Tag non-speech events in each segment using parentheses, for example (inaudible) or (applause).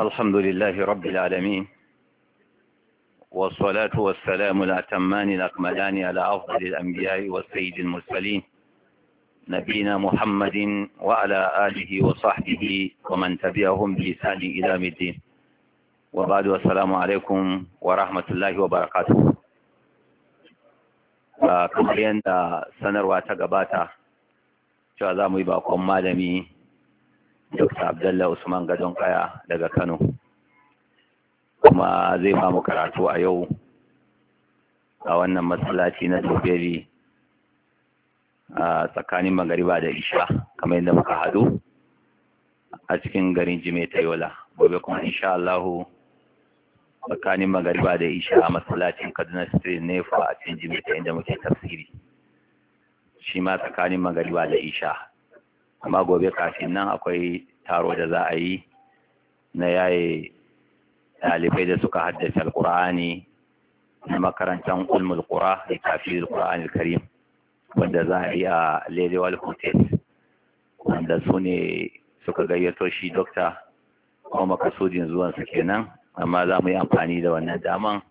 الحمد لله رب العالمين والصلاة والسلام الأتمان الأكملان على أفضل الأنبياء والسيد المرسلين نبينا محمد وعلى آله وصحبه ومن تبعهم بإحسان إلى الدين وبعد والسلام عليكم ورحمة الله وبركاته kamar yadda sanarwa ta gabata cewa za mu yi bakon malami Dr. Abdullah Usman Gadon Kaya daga Kano. Kuma zai mu karatu a yau a wannan matsalaci na Toberi a tsakanin Magariba da Isha kamar yadda muka haɗu a cikin garin Jime Yola. Gobe kuma insha Allah tsakanin Magariba da Isha a matsalacin Kaduna Street ne a cikin Jime ta inda muke tafsiri. Shi ma tsakanin Magariba da Isha amma gobe kafin nan akwai taro da za a yi na yaye dalibai da suka haddace alkur'ani na makarantar ulmul qura da kafin alkur'ani karim wanda za a yi a Lelewal Hotel wanda su ne suka gayyato shi dokta kuma makasudin zuwansa kenan amma za mu yi amfani da wannan daman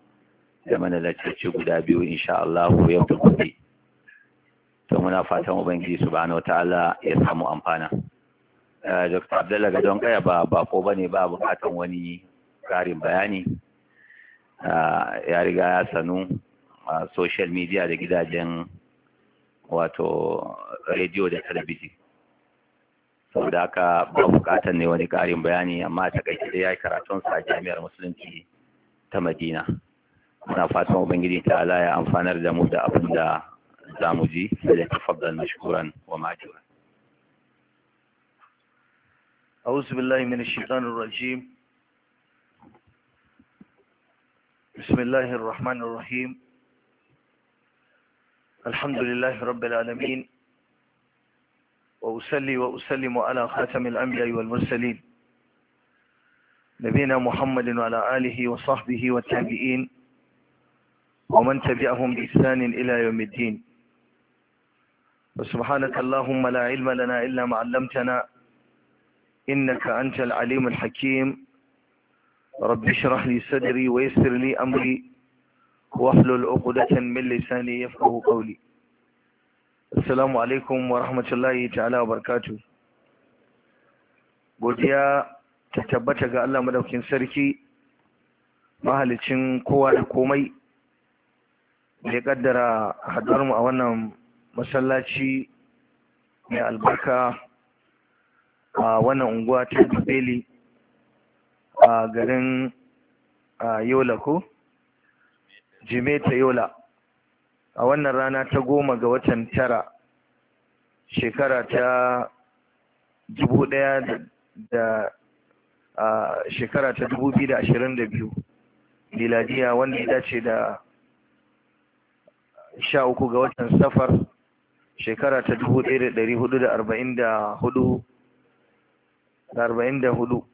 da mana laccoci guda biyu insha Allah yau da gobe to muna fatan ubangiji subhanahu wataala ya samu amfana eh, dr abdulla gadon kaya ba bako bane ba bukatan wani karin bayani eh, ya riga ya sanu a social media da gidajen wato rediyo da talabijin saboda haka ba bukatan ne wani karin bayani amma ta da ya yi sa a jami'ar musulunci ta madina muna fatan ubangiji ta ala ya amfanar da mu da abin da الزعمجي فليتفضل مشكورا وماجورا أعوذ بالله من الشيطان الرجيم بسم الله الرحمن الرحيم الحمد لله رب العالمين وأسلي وأسلم على خاتم الأنبياء والمرسلين نبينا محمد وعلى آله وصحبه والتابعين ومن تبعهم بإحسان إلى يوم الدين وسبحانك اللهم لا علم لنا إلا ما علمتنا إنك أنت العليم الحكيم رب اشرح لي صدري ويسر لي أمري واحلل عقدة من لساني يفقه قولي السلام alaikum wa rahmatullahi ta'ala wa barkatu godiya ta tabbata ga Allah madaukin sarki mahalicin kowa da komai da ya kaddara hadarmu a wannan masallaci mai albarka a wannan unguwa ta dubeli a garin yola ko jimeta yola a wannan rana ta goma ga watan tara shekara ta dubu ɗaya da shekara ta dubu biyu da ashirin da biyu miladiya wanda ya dace da sha uku ga watan safar shekara ta dubu ɗaya da ɗari hudu da arba'in da hudu da arba'in da hudu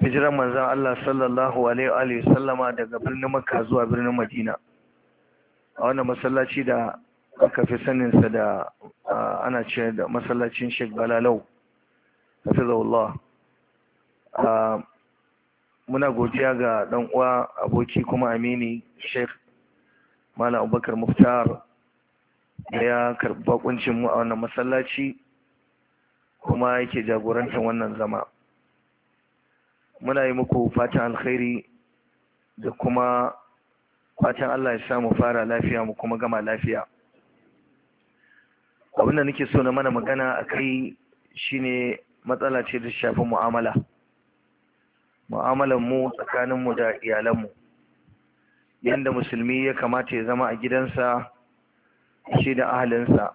hijiran manzan Allah sallallahu alaihi sallama daga birnin makka zuwa birnin madina a wannan masallaci da aka fi saninsa da ana ce da masallacin sheik balalau hafizahullah muna godiya ga ɗan'uwa uwa aboki kuma amini sheik malam abubakar muftar da ya karɓi bakuncin mu a wannan masallaci kuma yake jagorantar wannan zama muna yi muku fatan alkhairi da kuma fatan Allah ya sa mu fara lafiya mu kuma gama lafiya abin da nake so na mana magana a kai shine matsala ce da shafi mu'amala mu'amalar mu tsakanin mu da iyalanmu. mu yadda musulmi ya kamata ya zama a gidansa shi da ahalinsa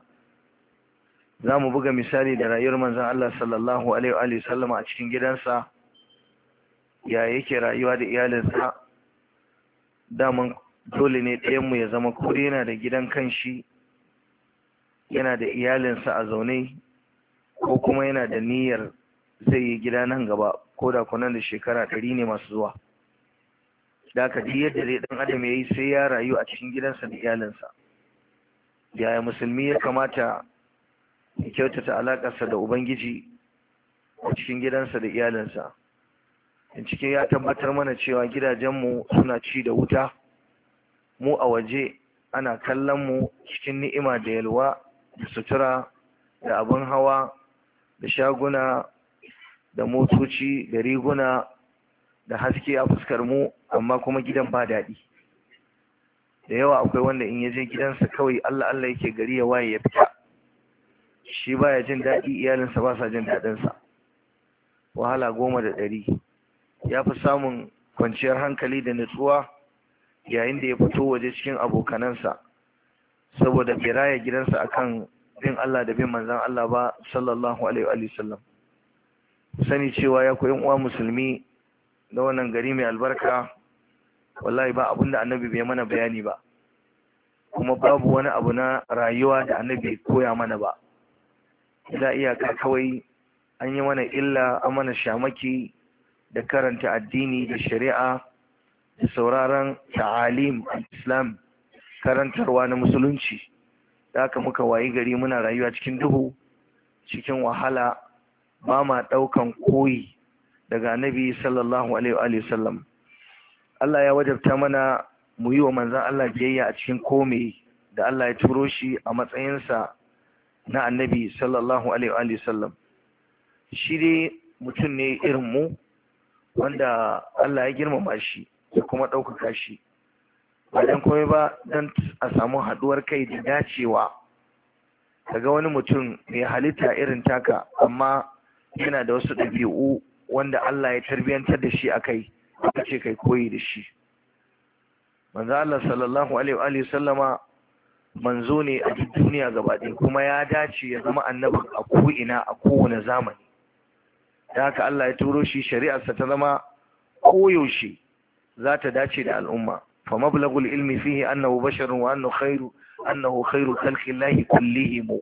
za mu buga misali da rayuwar manzan Allah sallallahu Alaihi sallama a cikin gidansa ya yake rayuwa da iyalinsa daman dole ne ɗayanmu ya zama kuri yana da gidan kanshi yana da iyalinsa a zaune ko kuma yana da niyyar zai yi gida nan gaba ko da kunan da shekara ɗari ne masu zuwa da aka ji yadda zai dan adam ya yi sai ya rayu a cikin gidansa da iyalinsa yaya musulmi ya kamata ya kyautata alaƙarsa da ubangiji a cikin gidansa da iyalinsa bincike ya tabbatar mana cewa gidajenmu suna ci da wuta mu a waje ana kallon mu cikin ni'ima da yalwa da sutura da abin hawa da shaguna da motoci da riguna da haske a fuskar mu amma kuma gidan ba daɗi da yawa akwai wanda in ya je gidansa kawai Allah Allah yake gari ya waye ya fita shi baya jin daɗi iyalinsa ba sa jin daɗinsa wahala goma da ɗari ya fi samun kwanciyar hankali da nutsuwa yayin da ya fito waje cikin abokanansa saboda bai raya gidansa akan bin Allah da bin manzan Allah ba sallallahu alaihi wa sallam sani cewa ya koyi uwa musulmi da wannan gari mai albarka wallahi ba abun da annabi bai mana bayani ba kuma babu wani abu na rayuwa da annabi koya mana ba ila iyaka kawai an yi mana illa an mana shamaki da karanta addini da shari'a da sauraron ta'alim islam karantarwa na musulunci da aka muka wayi gari muna rayuwa cikin duhu cikin wahala ba ma ɗaukan koyi daga annabi sallallahu alaihi wa sallam Allah ya wajabta mana mu yi wa manzan Allah biyayya a cikin kome da Allah ya turo shi a matsayinsa na annabi sallallahu alaihi sallam shi dai mutum ne irin mu wanda Allah ya girmama shi da kuma ɗaukaka shi ba don komai ba don a samu haɗuwar kai da dacewa daga wani mutum mai halitta irin taka amma yana da wasu ɗabi'u wanda Allah ya tarbiyantar da shi a kai aka ce kai koyi da shi manzo Allah sallallahu alaihi wa sallama manzo ne a duniya gaba kuma ya dace ya zama annabin a ko'ina a kowane zamani da haka Allah ya turo shi shari'arsa ta zama koyaushe za ta dace da al'umma fa mablagul ilmi fihi annahu basharun wa annahu khairu annahu khairu khalqillahi kullihim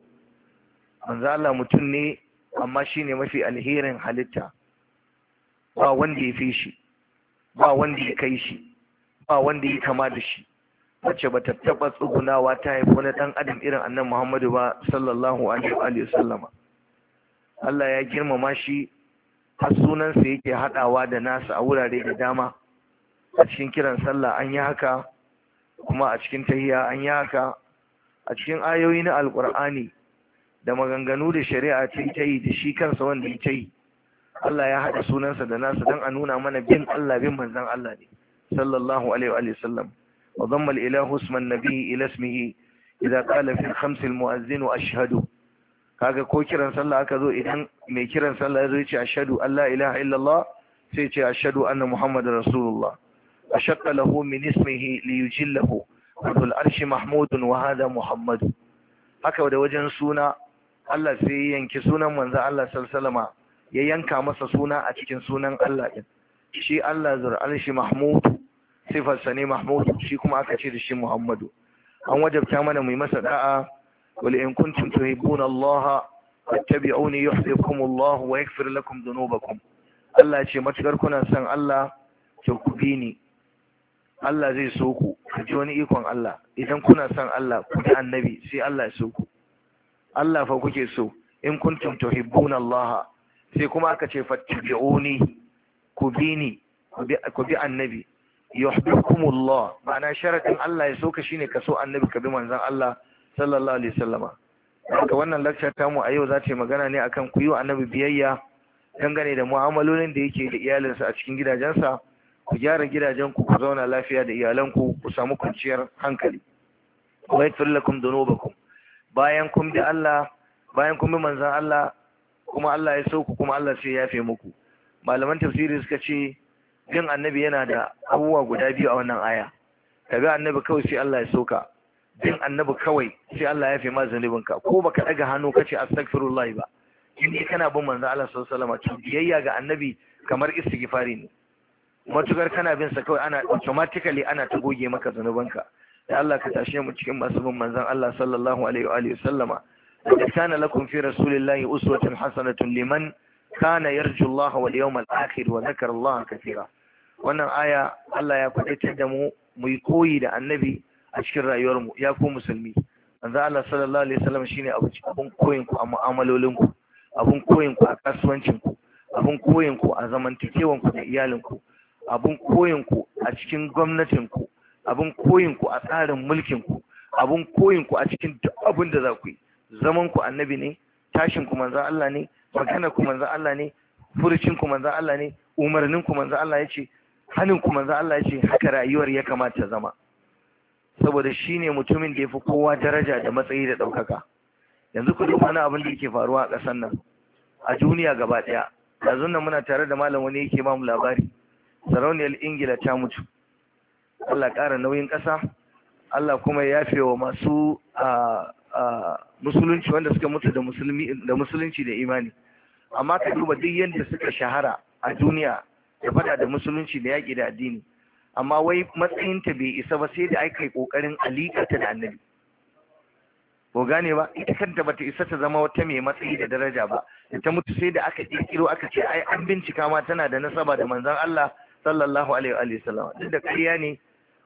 manzo Allah mutum ne amma shine mafi alherin halitta ba wanda ya fi shi ba wanda ya kai shi ba wanda ya kama da shi wacce ba ta tsugunawa ta haifi wani ɗan adam irin annan muhammadu ba sallallahu alaihi wa sallama Allah ya girmama shi har sunansa yake haɗawa da nasa a wurare da dama a cikin kiran sallah an yi haka kuma a cikin tahiya an yi haka a cikin ayoyi na alƙur'ani da maganganu da shari'a ta yi ta yi da shi kansa wanda ya ta yi Allah ya haɗa sunansa da nasa don a nuna mana bin Allah bin manzan Allah ne sallallahu alaihi wa sallam wa dhamma al-ilahu isma an-nabi ila idan idza qala fi al-khams al kaga ko kiran sallah aka zo idan mai kiran sallah ya zo yace ashhadu Allah la ilaha illallah sai yace ashhadu anna muhammadar rasulullah shakka lahu min ismihi li yujillahu rabbul arshi mahmudun wa hadha muhammad haka da wajen suna Allah sai yanki sunan manzan Allah sallallahu alaihi wa ya yanka masa suna a cikin sunan Allah ɗin shi Allah zur'an shi mahmudu sifarsa ne mahmudu shi kuma aka ce da shi muhammadu an wajabta mana mai masa da'a wal in kuntum tuhibbuna Allah fattabi'uni yuhibbukum Allah wa yaghfir lakum dhunubakum Allah ce matukar kuna son Allah to ku bi ni Allah zai so ku ka ji wani ikon Allah idan kuna son Allah ku da annabi sai Allah ya so ku Allah fa kuke so in kuntum tuhibbuna Allah sai kuma aka ce fattabi'uni ku bi ni ku bi annabi yuhibbukumullah ma'ana sharadin Allah ya so ka shine ka so annabi ka bi manzon Allah sallallahu alaihi wasallama daga wannan lecture ta mu a yau za ta magana ne akan ku yi wa annabi biyayya dangane da mu'amalolin da yake da iyalinsa a cikin gidajensa ku gyara gidajenku ku zauna lafiya da iyalanku ku samu kwanciyar hankali wa yaghfir lakum bayan kun bi Allah bayan kun bi manzon Allah kuma Allah ya sauku kuma Allah sai ya yafe muku malaman tafsiri suka ce jin annabi yana da abubuwa guda biyu a wannan aya kaga annabi kawai sai Allah ya sauka jin annabi kawai sai Allah ya yafe ma zunubinka ko baka daga hannu kace astaghfirullah ba in dai kana bin manzo Allah sallallahu alaihi wasallam biyayya ga annabi kamar istighfari ne matukar kana bin sa kawai ana automatically ana ta goge maka zunubanka da Allah ka tashe mu cikin masu bin manzon Allah sallallahu alaihi wa sallama لقد كان لكم في رسول الله أسوة حسنة لمن كان يرجو الله واليوم الآخر وذكر الله كثيرا wannan aya Allah ya kwadaitar da mu muyi koyi da annabi a cikin rayuwarmu ya ku musulmi manzo Allah sallallahu alaihi wasallam shine abun koyin ku a mu'amalolin ku abun a kasuwancin ku abun a zamantakewan da iyalin a cikin a tsarin mulkin ku a cikin duk za ku yi zaman ku annabi ne tashin ku manzan Allah ne magana ku manzan Allah ne furucin ku manzan Allah ne umarnin ku manzan Allah ya ce hannun ku manzan Allah ya haka rayuwar ya kamata zama saboda shine mutumin da ya fi kowa daraja da matsayi da ɗaukaka yanzu ku duk wani abin da yake faruwa a ƙasar nan a duniya gaba ɗaya yanzu nan muna tare da malam wani yake ba mu labari sarauniyar ingila ta mutu Allah ƙara nauyin ƙasa Allah kuma ya yafe wa masu ah, musulunci wanda suka mutu da musulunci da imani amma ka duba duk yadda suka shahara a duniya da fada da musulunci da yaƙi da addini amma wai matsayin ta bai isa ba sai da aka yi ƙoƙarin alikata da annabi ko gane ba ita kanta bata isa ta zama wata mai matsayi da daraja ba da ta mutu sai da aka kirkiro aka ce ai an bincika ma tana da nasaba da manzon Allah sallallahu alaihi wa sallam duk da kariya ne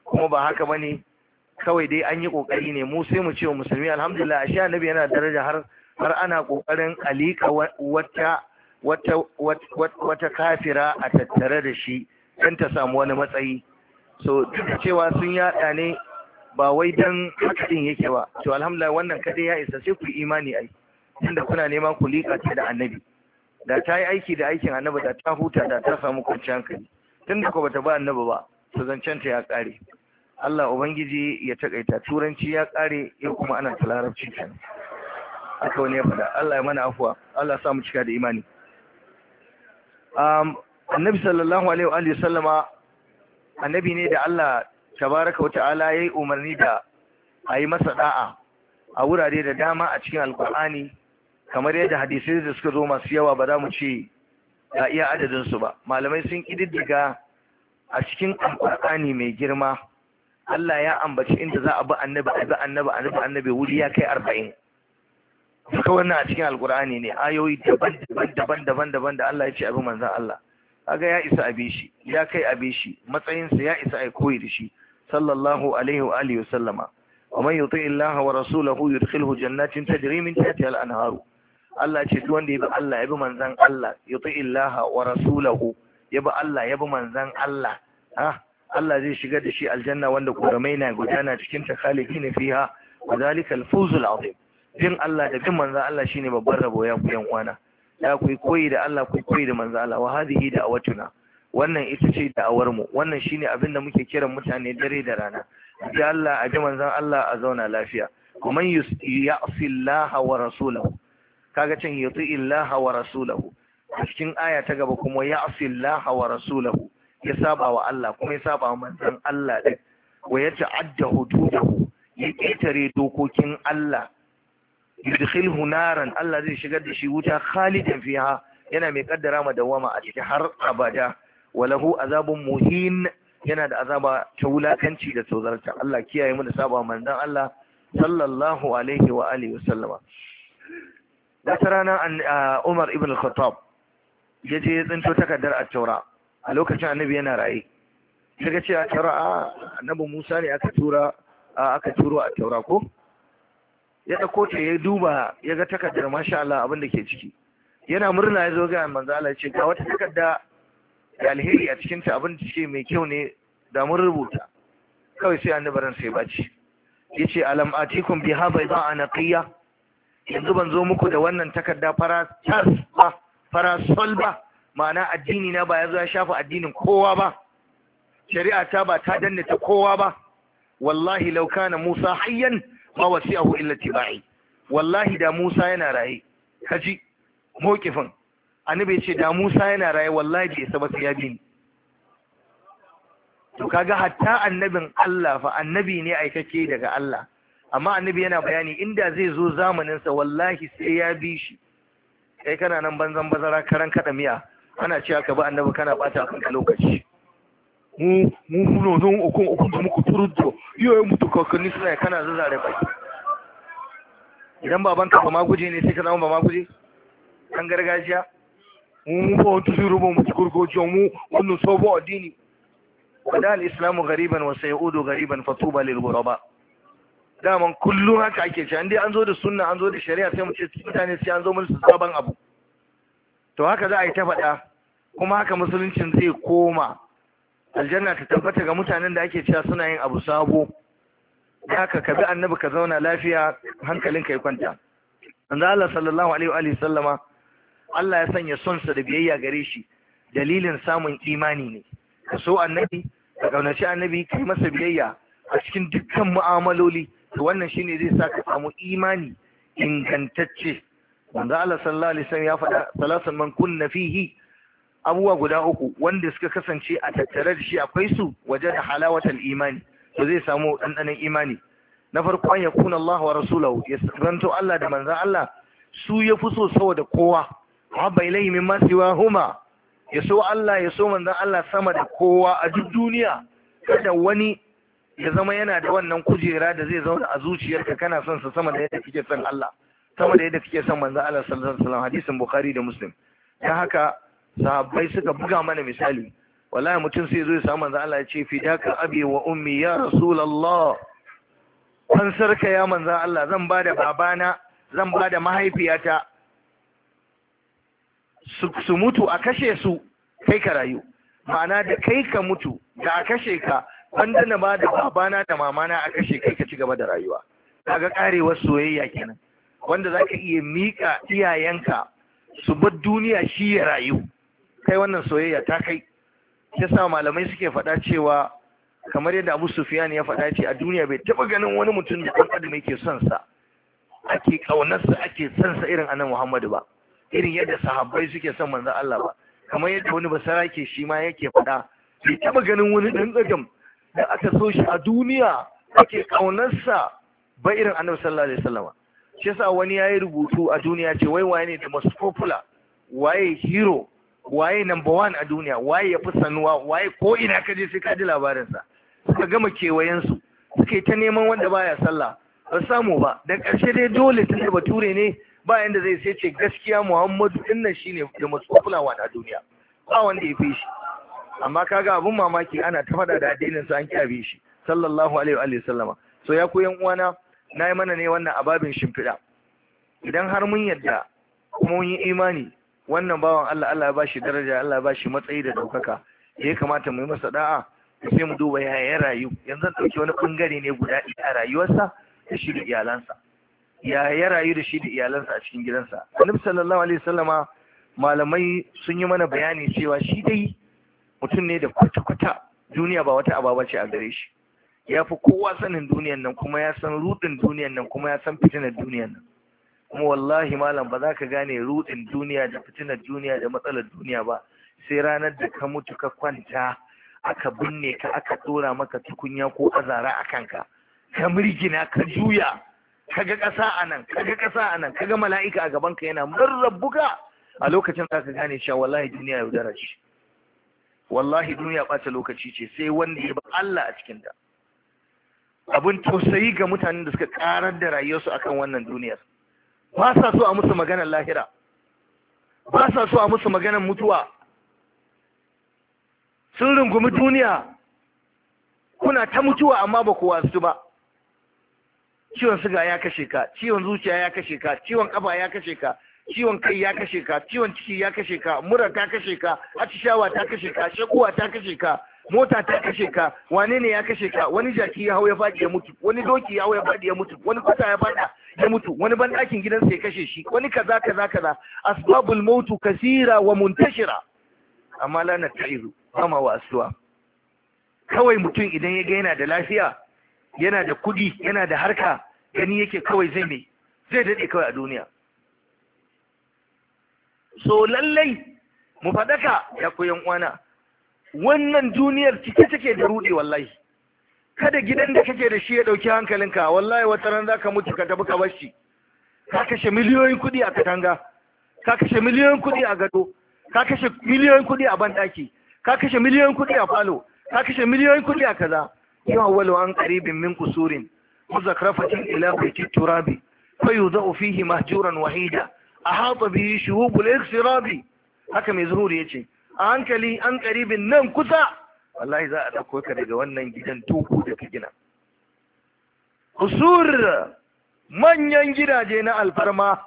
kuma ba haka bane kawai dai an yi kokari ne mu sai mu ce wa musulmi alhamdulillah ashe annabi yana daraja har har ana kokarin alika wata wata wata kafira a tattare da shi dan ta samu wani matsayi so duk da cewa sun yada ne ba wai dan haka din yake ba to alhamdulillah wannan kadai ya isa sai ku imani ai tunda kuna neman ku lika ce da annabi da ta yi aiki da aikin annabi da ta huta da ta samu kwanciyar hankali tunda ko bata ba annabi ba to zancen ta ya kare Allah Ubangiji ya takaita turanci ya kare ya kuma ana ta larabci kenan aka wani ya faɗa Allah ya mana afuwa Allah ya sa mu cika da imani um annabi sallallahu alaihi wa sallama annabi ne da Allah tabaraka wata'ala yayi umarni da a yi masa da'a a wurare da dama a cikin alkur'ani kamar yadda hadisai da suka zo masu yawa ba za mu ce ga iya adadinsu ba malamai sun ƙididdiga a cikin alkur'ani mai girma Allah ya ambaci inda za a bi annabi a bi annabi a bi annabi wuri ya kai arba'in duka wannan a cikin alkur'ani ne ayoyi daban daban daban daban daban da Allah ya ce bi manzan Allah kaga ya isa a shi ya kai a shi matsayinsa ya isa a koyi da shi sallallahu alaihi wa alihi wa sallama ومن يطع الله ورسوله يدخله جنات تجري من تحتها الانهار Allah ce duk wanda ya bi Allah ya bi manzan Allah yuti Allah wa rasulahu ya bi Allah ya bi manzan Allah Allah zai shiga da shi aljanna wanda kuramai na gudana cikin ta khalidina fiha wa zalika al-fawz al-azim bin Allah da bin manzo Allah shine babban rabo ya ku yan kwana. ya ku koyi da Allah ku koyi da manzo Allah wa hadhihi da'awatuna wannan ita ce da'awar mu wannan shine abin da muke kiran mutane dare da rana ji Allah a ji manzon Allah a zauna lafiya kuma ya'si Allah wa rasulahu kaga cin yuti Allah wa rasulahu cikin aya ta gaba kuma ya'si Allah wa rasulahu ya saba wa Allah kuma ya saba wa manzon Allah din wa ya ta'adda hududahu ya ƙetare dokokin Allah yudkhilhu naran Allah zai shigar da shi wuta khalidan fiha yana mai kaddara ma dawama a cikin har abada walahu azabun muhin yana da azaba ta wulakanci da tozarta Allah kiyaye mu da saba manzon Allah sallallahu alaihi wa alihi wasallama wata rana Umar ibn al-Khattab ya ya tsinto takardar a taura a lokacin annabi yana raye Shiga a cewa tara annabi Musa ne aka tura aka turo a taura ko ya dauko ta ya duba ya ga takardar masha Allah abin da ke ciki yana murna ya zo ga manzo Allah ce ga wata takarda ya alheri a cikin ta abin da ke mai kyau ne da mun rubuta kawai sai ran sai baci yace alam atikum biha bayda anaqiya yanzu ban zo muku da wannan takarda fara tas fara solba ba ma'ana addini na ba ya zo ya shafa addinin kowa ba shari'a ta ba ta danne ta kowa ba wallahi law kana Musa hayyan ma wasi'ahu illa tibai wallahi da Musa yana raye kaji mokifin annabi ce da Musa yana raye wallahi bai saba sai to kaga hatta annabin Allah fa annabi ne aikake daga Allah amma annabi yana bayani inda zai zo zamaninsa wallahi sai ya bi shi kai kana nan banzan bazara karan kada miya ana cewa ka bi annabi kana bata kanka lokaci mu mu no don ukun ukun da muku turuddo to mutu ni suna kana zazzare bai idan baban ka ba ma ne sai ka zama ba ma kan gargajiya mu mu ba wata zuru ba mu jo mu wannan sabo addini wada al-islamu gariban wa sayudu gariban tuba lil ghuraba daman kullum haka ake cewa indai an zo da sunna an zo da shari'a sai mu ce mutane sai an zo mun sabon abu to haka za a yi ta faɗa kuma haka musuluncin zai koma aljanna ta tabbata ga mutanen da ake cewa suna yin abu sabo haka ka bi annabi ka zauna lafiya hankalin ka ya kwanta annabi Allah sallallahu alaihi wa alihi sallama Allah ya sanya son sa da biyayya gare shi dalilin samun imani ne ka so annabi ka kaunaci annabi kai masa biyayya a cikin dukkan mu'amaloli to wannan shine zai sa ka samu imani ingantacce manzo Allah sallallahu alaihi wasallam ya faɗa salasan man kunna fihi abubuwa guda uku wanda suka kasance a tattare da shi akwai su waje da halawatan imani to zai samu ɗanɗanon imani na farko an yakuna Allah wa rasulahu ya ranto Allah da manzan Allah su ya fi so saboda kowa bai ilayhi mimma siwa huma ya so Allah ya so manzan Allah sama da kowa a duk duniya kada wani ya zama yana da wannan kujera da zai zauna a zuciyarka kana son sa sama da yadda kike son Allah sama da yadda kike son manzan Allah sallallahu alaihi wasallam hadisin Bukhari da Muslim dan haka sahabbai suka buga mana misali wallahi mutum sai zo ya samu manzo Allah ya ce fidaka abi wa ummi ya rasulullah kan sarka ya manzo Allah zan bada babana zan bada mahaifiyata su mutu a kashe su kai ka rayu ma'ana da kai ka mutu da a kashe ka wanda na bada babana da mamana a kashe kai ka ci gaba da rayuwa kaga karewar soyayya kenan wanda zaka iya mika iyayenka su bar duniya shi ya rayu kai wannan soyayya ta kai sa malamai suke faɗa cewa kamar yadda Abu Sufyan ya faɗa ce a duniya bai taɓa ganin wani mutum da ɗan adam yake son sa ake ƙaunarsa ake son sa irin annabi Muhammadu ba irin yadda sahabbai suke son manzon Allah ba kamar yadda wani basara ke shi ma yake faɗa bai taɓa ganin wani ɗan adam da aka so shi a duniya ake ƙaunarsa ba irin annabi sallallahu alaihi wasallam shi yasa wani yayi rubutu a duniya ce wai waye ne da most popular waye hero waye number one a duniya waye ya fi sanuwa waye ko ina ka je sai ka ji labarinsa suka gama kewayensu suka yi ta neman wanda baya sallah ba samu ba da ƙarshe dai dole tun da bature ne ba yanda zai sai ce gaskiya muhammadu din nan shine da masu kulawa a duniya ba wanda ya fi shi amma kaga abun mamaki ana ta faɗa da addinin sa an kyabe shi sallallahu alaihi wa sallama so ya koyan uwana na yi mana ne wannan ababin shimfiɗa idan har mun yadda kuma mun yi imani wannan bawan Allah Allah ya bashi daraja Allah ya bashi matsayi da daukaka ya kamata mu yi masa da'a sai mu duba ya ya rayu yanzu an dauki wani bangare ne guda a rayuwarsa da shi da iyalansa ya ya rayu da shi da iyalansa a cikin gidansa annabi sallallahu alaihi wasallama malamai sun yi mana bayani cewa shi dai mutum ne da kwata-kwata duniya ba wata ababa ce a gare shi ya fi kowa sanin duniyan nan kuma ya san rudin duniyan nan kuma ya san fitinar duniyan nan kuma wallahi malam ba za ka gane rudin duniya da fitinar duniya da matsalar duniya ba sai ranar da ka mutu ka kwanta aka binne ka aka tsora maka tukunya ko azara a kanka ka mirgina ka juya ka ga ƙasa a nan ka ga ƙasa a nan ka ga mala'ika a gaban ka yana buga a lokacin za ka gane cewa wallahi duniya yaudara shi wallahi duniya ɓata lokaci ce sai wanda ya ba Allah a cikinta abin tausayi ga mutanen da suka karar da rayuwarsu akan wannan duniyar ba sa so a musu maganar lahira ba sa so a musu maganar mutuwa sun rungumi duniya kuna ta mutuwa amma ba kowa su ba ciwon suga ya kashe ka ciwon zuciya ya kashe ka ciwon kafa ya kashe ka ciwon kai ya kashe ka ciwon ciki ya kashe ka mura ta kashe ka atishawa ta kashe ka shekuwa ta kashe ka mota ta kashe ka wane ne ya kashe ka wani jaki ya hau ya faɗi ya mutu wani doki ya hau ya faɗi ya mutu wani kusa ya faɗa ya mutu wani banɗakin gidansa ya kashe shi wani kaza kaza kaza asbabul mautu kasira wa muntashira amma la natta'izu kama wa asuwa. kawai mutum idan ya ga yana da lafiya yana da kuɗi yana da harka gani yake kawai zai mai zai daɗe kawai a duniya so lallai mu faɗaka ya koyan uwana wannan duniyar cike take da rudi wallahi kada gidan da kake da shi ya dauki hankalinka wallahi wata ran zaka mutu ka tafi ka bar shi ka kashe miliyoyin kudi a katanga ka kashe miliyoyin kudi a gado ka kashe miliyoyin kudi a bandaki ka kashe miliyoyin kudi a falo ka kashe miliyoyin kudi a kaza yawa walau an qaribin min kusurin muzakrafatin ila baiti turabi yudau fihi mahjuran wahida ahata bihi shuhubul iksirabi haka mai zuhuri yace a hankali an karibin nan kusa wallahi za a ɗauko ka daga wannan gidan tuku da ka gina usur manyan gidaje na alfarma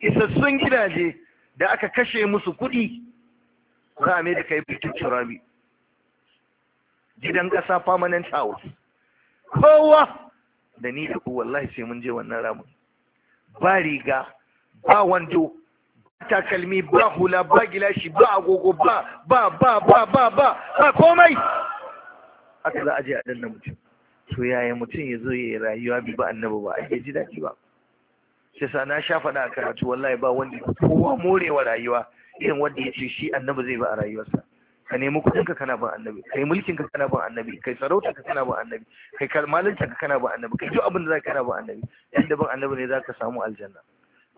isassun gidaje da aka kashe musu kuɗi za a mai da kai bikin turabi gidan ƙasa permanent house kowa da ni da ku wallahi sai mun je wannan ramin ba riga ba wando takalmi ba hula ba gilashi ba agogo ba ba ba ba ba ba ba komai aka za a je a danna mutum to yaya mutum ya zo ya yi rayuwa bi ba annabi ba a ji daɗi ba shi sa na sha faɗa a karatu wallahi ba wanda kowa morewa rayuwa irin wanda ya ce shi annabi zai ba a rayuwarsa ka nemi kuɗin ka kana ban annabi kai mulkin ka kana ban annabi kai sarauta ka kana ban annabi kai kalmalin ka kana ban annabi kai duk abin da za ka kana ban annabi yanda ban annabi ne za ka samu aljanna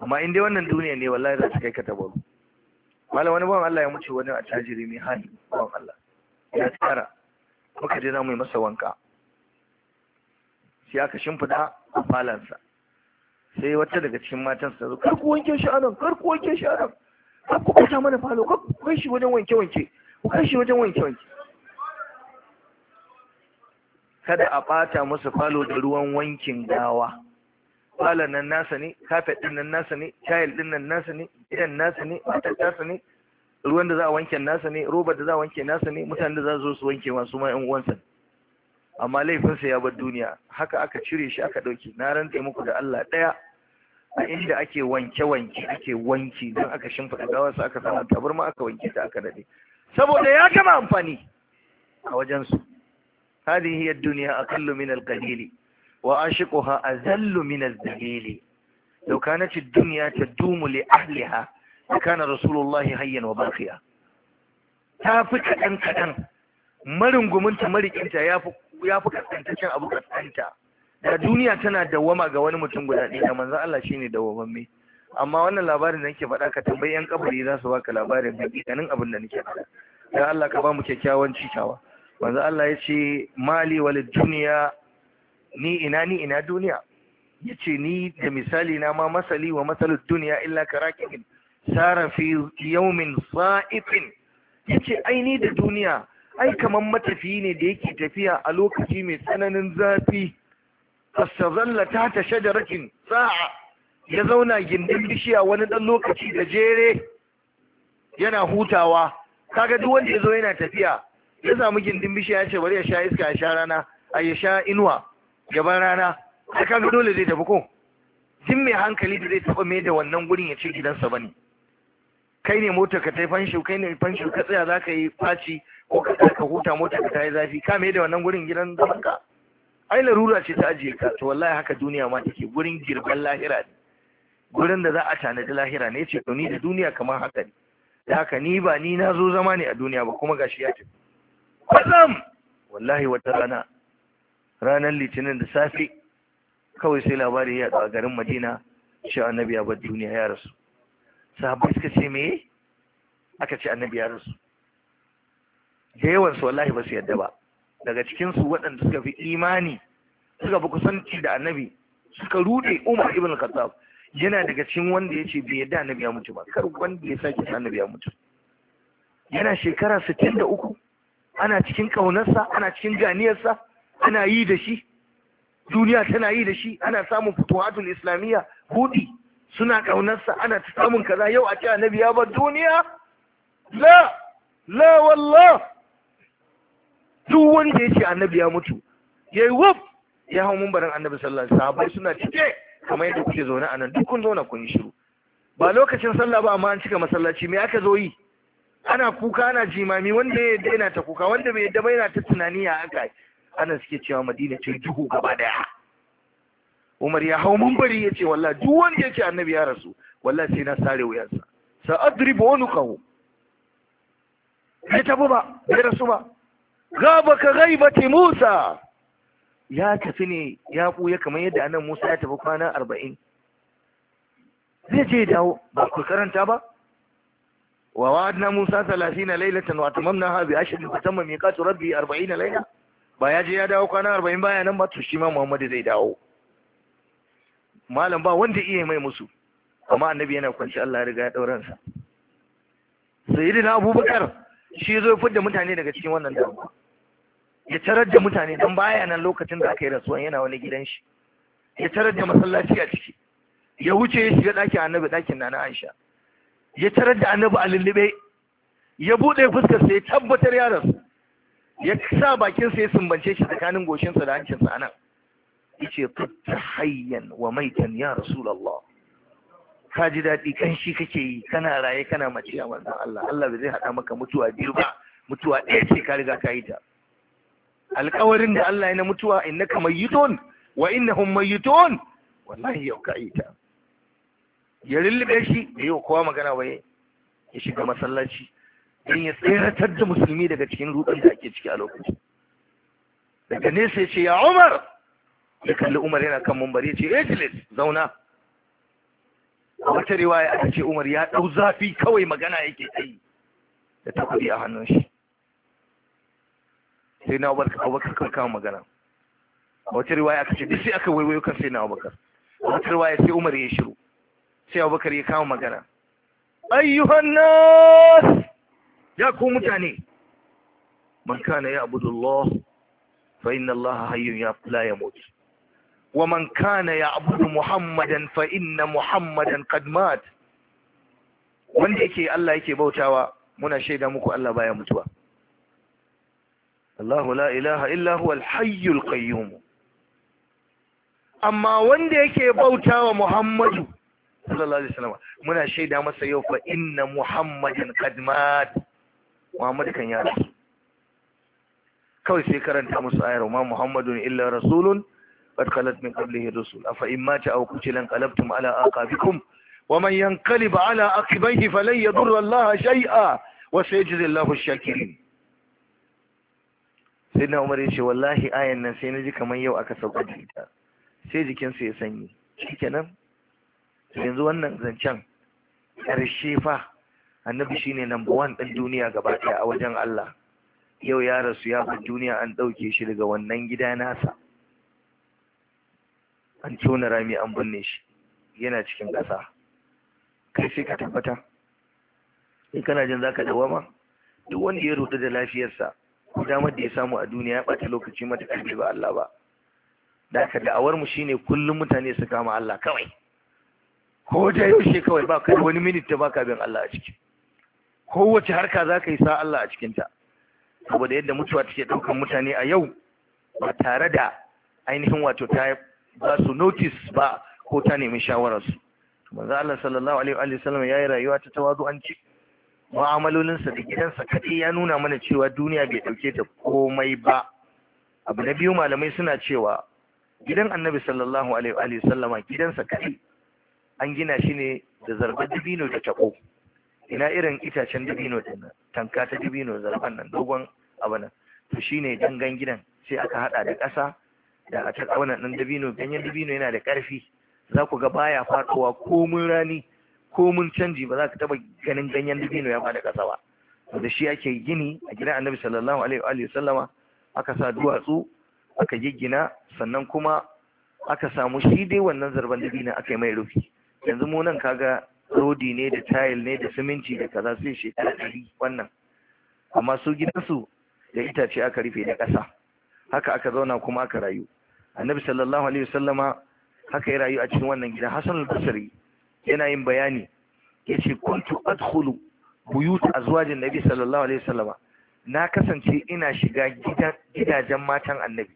amma in dai wannan duniya ne wallahi za su kai ka tabaru malam wani bawan Allah ya mutu wani a tajiri mai hali bawan Allah ya tsara muka je mai yi masa wanka sai aka shimfida a falansa sai wata daga cikin matan sa zo kar ku wanke shi anan kar ku wanke shi anan kar ku kwata mana falo kar ku kai shi wajen wanke wanke ku kai shi wajen wanke wanke kada a bata musu falo da ruwan wankin gawa falon nan nasa ne kafet ɗin nan nasa ne tayil ɗin nan nasa ne gidan nasa ne matar nasa ne ruwan da za a wanke nasa ne robar da za a wanke nasa ne mutanen da za su zo su wanke masu ma yan uwansa amma laifinsa ya bar duniya haka aka cire shi aka ɗauki na rantse muku da Allah ɗaya a inda ake wanke-wanke ake wanki don aka shimfiɗa gawarsa aka sana tabarma aka wanke ta aka daɗe saboda ya gama amfani a su, hadihi hiyar duniya aqallu min al-qalili وعاشقها أذل من الذليل لو كانت الدنيا تدوم لأهلها لكان رسول الله wa وباقيا ta كدن كدن kadan gumunta marikinta ya fi kaskantaccen abu da duniya tana dawwama ga wani mutum guda ɗaya da manzan Allah shine dawwamamme amma wannan labarin da nake faɗa ka tambayi yan kabari za su baka labarin hakikanin abin da nake faɗa dan Allah ka ba mu kyakkyawan cikawa manzan Allah ya ce mali walid duniya ni ina ni ina duniya ya ce ni da misali na ma masali wa matsalar duniya illa karakin sara fi yaumin sa'ifin ya ce aini da duniya ai kamar matafiyi ne da yake tafiya a lokaci mai tsananin zafi fasazalla ta ta rashin sa'a ya zauna gindin bishiya wani ɗan lokaci da jere yana hutawa kaga duk wanda ya zo yana tafiya ya samu gindin bishiya ya ce bari ya sha iska ya sha rana a ya sha inuwa gaban rana sai kaga dole zai tafi ko jin mai hankali da zai taba mai da wannan gurin ya ce gidansa bane kai ne mota ka tai fanshi kai ne fanshi ka tsaya za ka yi faci ko ka ka huta mota ka tayi zafi ka mai da wannan gurin gidan zaman ka ai larura ce ta ajiye ka to wallahi haka duniya ma take gurin girban lahira ne gurin da za a tanadi lahira ne ce to ni da duniya kamar haka ne da haka ni ba ni na zo zama ne a duniya ba kuma gashi ya ce kwatsam wallahi wata rana ranar litinin da safe kawai sai labari ya a garin madina shi annabi ya bar duniya ya rasu sahabbai suka ce meye aka ce annabi ya rasu da yawan su wallahi ba su yadda ba daga cikin su waɗanda suka fi imani suka fi kusanci da annabi suka rude umar ibn khattab yana daga cikin wanda ya ce bai yadda annabi ya mutu ba kar wanda ya sake annabi ya mutu yana shekara sittin da uku ana cikin ƙaunarsa ana cikin ganiyarsa ana yi da shi duniya tana yi da shi ana samun fitowatun islamiyya hudi suna kaunarsa, ana ta samun kaza yau a ce annabi ya bar duniya la la wallah duk wanda ya ce annabi ya mutu yayi wuf ya hau mumbarin annabi sallallahu alaihi wasallam suna cike kamar yadda kuke zaune a nan duk kun zauna kun yi shiru ba lokacin sallah ba amma an cika masallaci me aka zo yi ana kuka ana jimami wanda ya yadda yana ta kuka wanda bai yadda ba yana ta tunani ya aka ana suke cewa madina ce duhu gaba daya umar ya hau mambari ya ce wallahi duk wanda yake annabi ya rasu Walla sai na sare wuyansa sa adribu wani kawo ya tafi ba ya rasu ba gaba ka gaibati musa ya tafi ne ya ɓuya kamar yadda anan musa ya tafi kwana arba'in zai je dawo ba ku karanta ba wa wa'adna musa 30 lailatan wa ha bi ashrin fatamma miqatu rabbi 40 laila ba ya je ya dawo kwana arba'in baya nan ba to shi ma Muhammadu zai dawo malam ba wanda iya mai musu amma annabi yana kwanci Allah ya riga ya dauran sa na Abubakar shi zo fudda mutane daga cikin wannan damuwa ya tarar da mutane don baya nan lokacin da aka yi rasuwa yana wani gidan shi ya tarar da masallaci a ciki ya wuce ya shiga ɗakin annabi ɗakin na na Aisha ya tarar da annabi a lullube ya buɗe fuskar sai tabbatar ya rasu ya sa bakinsa ya sumbance shi tsakanin goshinsa da hancinsa a nan yace tutta hayyan wa maitan ya rasulullah ka ji daɗi kanshi kake yi kana raye kana mace a manzon Allah Allah bai zai haɗa maka mutuwa biyu ba mutuwa ɗaya ce ka riga ka yi ta alƙawarin da Allah ya na mutuwa innaka mayyitun wa innahum mayyitun wallahi yau ka yi ta ya lullube shi da yau kowa magana ba ya shiga masallaci don ya tseratar da musulmi daga cikin rudin da ake ciki a lokacin daga nesa ya ce ya umar ya kalli umar yana kan mambari ya ce ejilis zauna a wata riwaya aka ce umar ya ɗau zafi kawai magana yake tsayi da takobi a hannun shi sai na abubakar kan kama magana a wata riwaya aka ce duk aka waiwayo kan sai na abubakar a wata riwaya sai umar ya shiru sai abubakar ya kama magana ayyuhan nas ya ku mutane man kana ya'budu Allah fa inna Allah hayyun ya la yamut wa man kana ya'budu Muhammadan fa inna Muhammadan qad mat wanda yake Allah yake bautawa muna shaida muku Allah baya mutuwa Allahu la ilaha illa huwa al-hayyul qayyum amma wanda yake bautawa Muhammadu sallallahu alaihi wasallam muna shaida masa yau fa inna Muhammadan qad mat Muhammad kan ya kawai sai karanta musu ayar ma Muhammadun illa rasulun qad khalat min qablihi rusul afa in mata aw qutila qalabtum ala aqabikum wa man yanqalib ala aqibaihi falan yadurra Allah shay'a wa sayajzi Allahu ash-shakirin sai na umar yace wallahi ayan nan sai naji kaman yau aka sauka da ita sai jikinsa ya sanyi shikenan yanzu wannan zancen ƙarshe fa annabi shine number one ɗin duniya gaba ɗaya a wajen Allah yau ya rasu ya bar duniya an ɗauke shi daga wannan gida nasa an tona rami an binne shi yana cikin ƙasa kai sai ka tabbata in kana jin zaka dawama duk wanda ya rudu da lafiyarsa ko damar da ya samu a duniya ya ɓata lokaci mata ƙarfi ba Allah ba da ka da'awar mu shine kullum mutane su kama Allah kawai ko da yaushe kawai ba ka wani minit da baka bin Allah a ciki kowace harka za ka yi sa Allah a cikinta saboda yadda mutuwa take ɗaukan mutane a yau ba tare da ainihin wato ta ba su notice ba ko ta nemi shawararsu manzo Allah sallallahu alaihi wa sallam yi rayuwa ta tawazu'anci mu'amalolinsa da gidansa kadai ya nuna mana cewa duniya bai ɗauke ta komai ba abu na biyu malamai suna cewa gidan annabi sallallahu alaihi wa sallama gidansa kadai an gina shi ne da zarbar dabino da tako ina irin itacen dabino din tanka ta dabino zarfan nan dogon abu nan to shine dangan gidan sai aka hada da ƙasa da a ta ƙaunar nan dabino ganyen dabino yana da ƙarfi za ku ga baya faɗowa komun rani komun canji ba za ka taɓa ganin ganyen dabino ya faɗa ƙasa ba to da shi ake gini a gidan annabi sallallahu alaihi wa sallama aka sa duwatsu aka giggina sannan kuma aka samu shi dai wannan zarban dabino aka yi mai rufi yanzu mu nan kaga rodi ne da tayil ne da siminti da kaza sai shekara ɗari wannan amma su gidansu da itace aka rufe da ƙasa haka aka zauna kuma aka rayu annabi sallallahu alaihi wasallama haka ya rayu a cikin wannan gida hasan al-basri yana yin bayani yace kuntu adkhulu buyut azwajin nabi sallallahu alaihi wasallama na kasance ina shiga gidajen matan annabi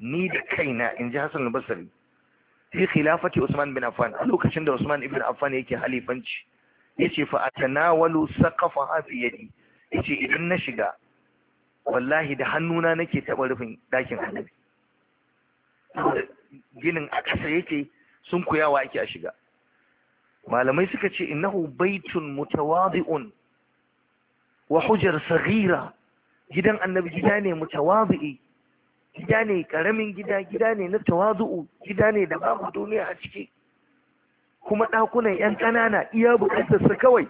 ni da kaina in ji hasan al-basri fi khilafati Usman bin Affan a lokacin da Usman ibn Affan yake halifanci yace fa atanawalu saqafa fi yadi yace idan na shiga wallahi da hannuna nake taba rufin dakin annabi ginin a ƙasa yake sun kuyawa ake a shiga malamai suka ce innahu baitun mutawadi'un wa hujar saghira gidan annabi gida ne mutawadi'i gida ne karamin gida gida ne na tawazu'u gida ne da babu duniya a ciki kuma ɗakunan yan ƙanana iya buƙatar sa kawai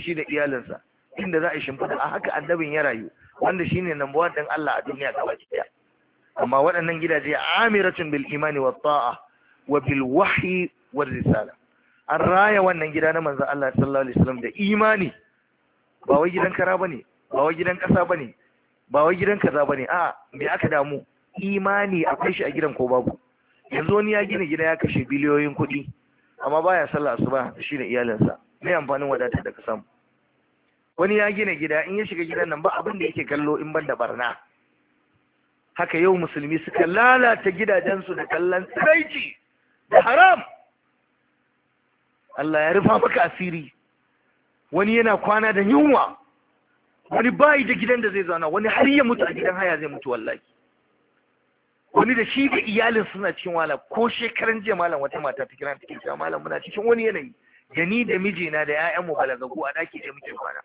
shi da iyalinsa inda za a shimfiɗa a haka annabin ya rayu wanda shi ne one ɗin Allah a duniya gaba ɗaya amma waɗannan gidaje amiratun bil imani wa ta'a wa bil wahyi wa risala an raya wannan gida na manzon Allah sallallahu alaihi wasallam da imani ba wai gidan kara bane ba wai gidan kasa bane ba wai gidan kaza bane a me aka damu imani akwai shi a gidan ko babu yanzu wani ya gina gida ya kashe biliyoyin kuɗi amma baya sallah asuba shi da iyalinsa me amfanin wadatar da ka samu wani ya gina gida in ya shiga gidan nan ba abin da yake kallo in ban da barna haka yau musulmi suka lalata gidajensu da kallon tsiraici da haram Allah ya rufa maka asiri wani yana kwana da yunwa wani bayi da gidan da zai zauna wani har ya mutu a gidan haya zai mutu wallahi wani da shi da iyalin suna cikin wahala ko shekaran jiya malam wata mata ta kira take cewa malam muna cikin wani yanayi da ni da mijina da ƴaƴan mu balagagu a daki da muke kwana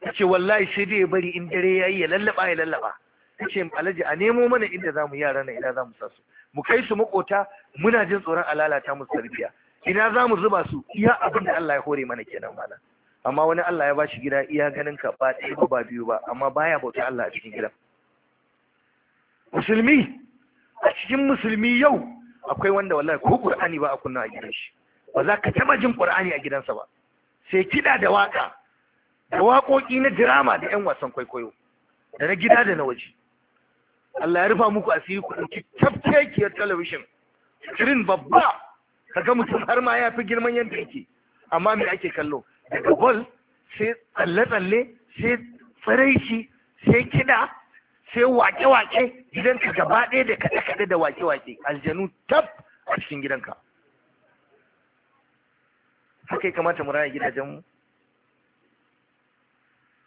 tace wallahi sai dai ya bari in dare yayi ya lallaba ya lallaba tace alaji a nemo mana inda zamu yara na ina zamu sa su mu kai su makota muna jin tsoron alalata musu tarbiya ina zamu zuba su iya abin da Allah ya hore mana kenan malam amma wani Allah ya bashi gida iya ganin ka ba ɗaya ba biyu ba amma baya bauta Allah a cikin gidan musulmi a cikin musulmi yau akwai wanda wallahi ko qur'ani ba a kunna a gidan shi ba za ka taba jin qur'ani a gidansa ba sai kida da waka da waƙoƙi na dirama da yan wasan kwaikwayo da na gida da na waje Allah ya rufa muku asiri ku ɗauki tafkekiyar talabishin screen babba kaga mutum har ma ya fi girman yadda yake amma me ake kallo daga ball sai tsalle-tsalle sai tsiraici sai kiɗa sai wake-wake gidanka gaba ɗaya da kaɗe-kaɗe da wake-wake aljanu tab a cikin gidanka haka yi kamata mu raya gidajenmu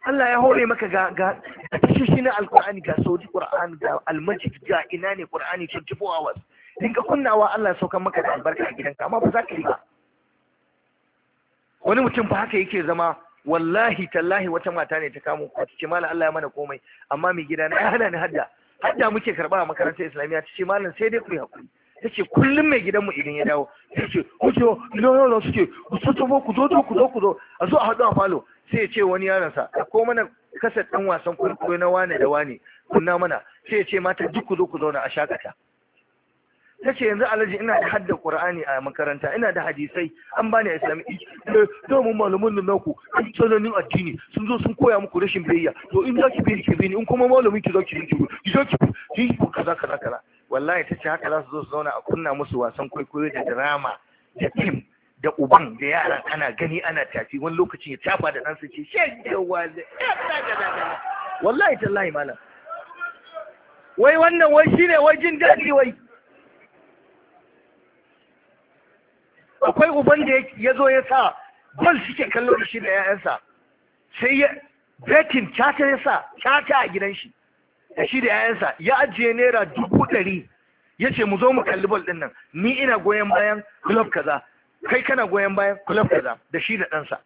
Allah ya hore maka ga ga tashishi na alkur'ani ga saudi kur'ani ga almajid ga ina ne kur'ani 24 hours din ka kunnawa Allah saukan maka da albarka a gidanka amma ba za ka yi ba wani mutum ba haka yake zama wallahi tallahi wata mata ne ta kamo ta ce malam Allah ya mana komai amma mai gida na ya hana ni hadda hadda muke karba a makarantar islamiya ta ce malam sai dai ku yi hakuri ta ce kullum mai gidanmu idan ya dawo ta ce no no no suke ku so tabo ku zo ku zo ku zo a zo a haɗu a falo sai ya ce wani yaron sa ko mana kasar ɗan wasan kwaikwayo na wane da wane kunna mana sai ya ce mata duk ku zo ku zauna a shakata ce yanzu alaji ina da hadda qur'ani a makaranta ina da hadisai an bani islami to mun malamin nan naku an tsananin addini sun zo sun koya muku rashin biyayya to in zaki bi ki bi ni in kuma malamin ki zaki ki ki zaki ki kaza kaza kaza wallahi ta ce haka za su zo su zauna a kunna musu wasan kwaikwayo da drama da fim da uban da yaran ana gani ana tafi wani lokacin ya tafa da ɗansa ce shan yawa da wallahi tallahi malam wai wannan wai shine wai jin daɗi wai akwai uban da ya zo ya sa bal suke kallo da shi da 'ya'yansa sai ya betin cata ya sa cata a gidan shi da shi da 'ya'yansa ya ajiye naira dubu ɗari ya ce mu zo mu kalli bal ɗin nan ni ina goyon bayan club kaza kai kana goyon bayan club kaza da shi da ɗansa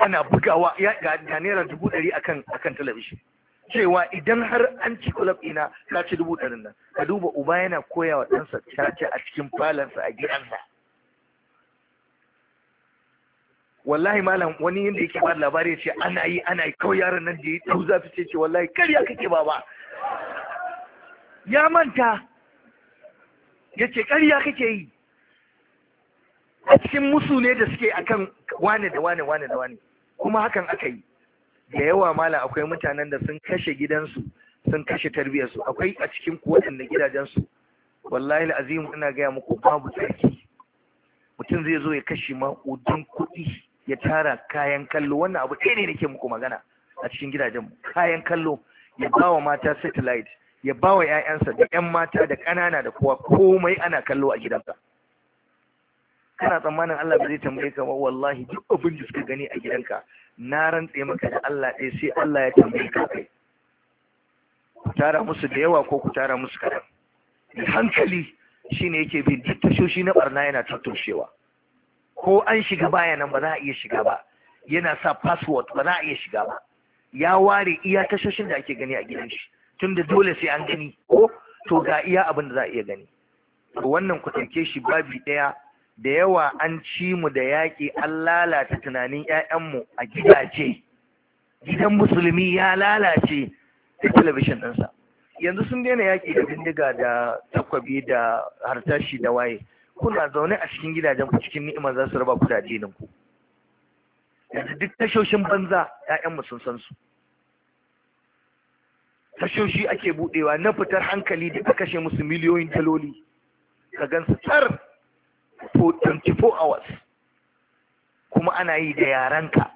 ana bugawa ya ga naira dubu ɗari akan akan talabishin cewa idan har an ci club ina ka ci dubu ɗarin nan ka duba uba yana koya wa ɗansa caca a cikin falansa a gidansa wallahi malam wani yadda yake ba labari ce ana yi ana yi kawai yaron nan da ya ta'u zafi ce ce wallahi karya kake baba ya manta ya ce karya kake yi a cikin musu ne da suke akan wane da wane wane da wane kuma hakan aka yi da yawa malam akwai mutanen da sun kashe gidansu sun kashe tarbiyyarsu akwai a cikin da gidajensu wallahi la'azimu ina gaya muku babu tsarki mutum zai zo ya kashe maƙudin kuɗi ya tara kayan kallo wannan abu ɗaya ne nake muku magana a cikin gidajen mu kayan kallo ya ba wa mata satellite ya ba wa 'ya'yansa da 'yan mata da ƙanana da kowa komai ana kallo a gidansa kana tsammanin Allah ba zai tambaye ka ba wallahi duk abin da suka gani a gidanka na rantse maka da Allah ɗaya sai Allah ya tambaye ka kai ku tara musu da yawa ko ku tara musu kaɗan hankali shine yake bin tashoshi na barna yana tattaushewa ko an shiga baya nan ba za a iya shiga ba yana sa password ba za a iya shiga ba ya ware iya tashoshin da ake gani a gidan shi tunda dole sai an gani ko to ga iya abin da za a iya gani To wannan ku ɗauke shi babi ɗaya da yawa an ci mu da yaƙi an lalata tunanin mu a gidaje gidan musulmi ya lalace da talabishin ɗinsa yanzu sun daina yaƙi da bindiga da takwabi da harsashi da waye kuna zaune a cikin gidajen ku cikin ni'ima za su raba ku da addinin ku yanzu duk tashoshin banza ƴaƴan mu sun san su tashoshi ake budewa na fitar hankali da aka kashe musu miliyoyin taloli ka gansu tsar for 24 hours kuma ana yi da ka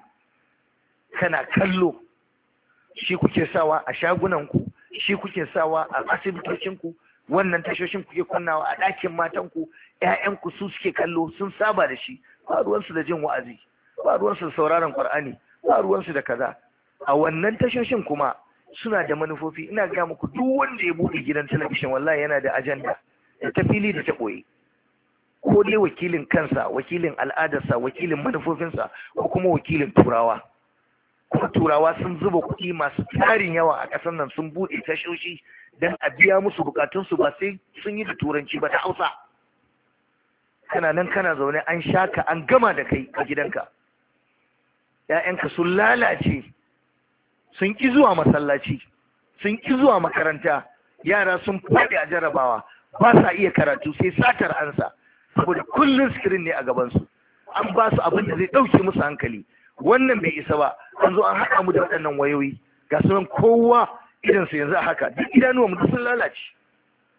kana kallo shi kuke sawa a shagunanku shi kuke sawa a asibitocin ku wannan tashoshin kuke kunnawa a ɗakin matanku ku su suke kallo sun saba da shi ba ruwansu da jin wa'azi ba ruwansu da sauraron ƙwar'ani ba ruwansu da kaza a wannan tashoshin kuma suna da manufofi ina ga muku duk wanda ya buɗe gidan talabishin wallahi yana da ajanda da ta fili da ta ɓoye ko dai wakilin kansa wakilin al'adarsa wakilin manufofinsa ko kuma wakilin turawa kuma turawa sun zuba kuɗi masu tarin yawa a ƙasar nan sun buɗe tashoshi don a biya musu buƙatunsu ba sai sun yi da turanci ba ta hausa kana nan kana zaune an sha ka, an gama da kai a gidanka ‘ya'yanka sun lalace sun ƙi zuwa masallaci sun ƙi zuwa makaranta yara sun faɗi a jarabawa ba sa iya karatu sai satar ansa saboda kullum sikirin ne a gabansu an ba su abin da zai ɗauke musu hankali wannan bai isa ba an zo an haɗa mu da waɗannan wayoyi ga su nan kowa idansu yanzu a haka duk idanuwa mu sun lalace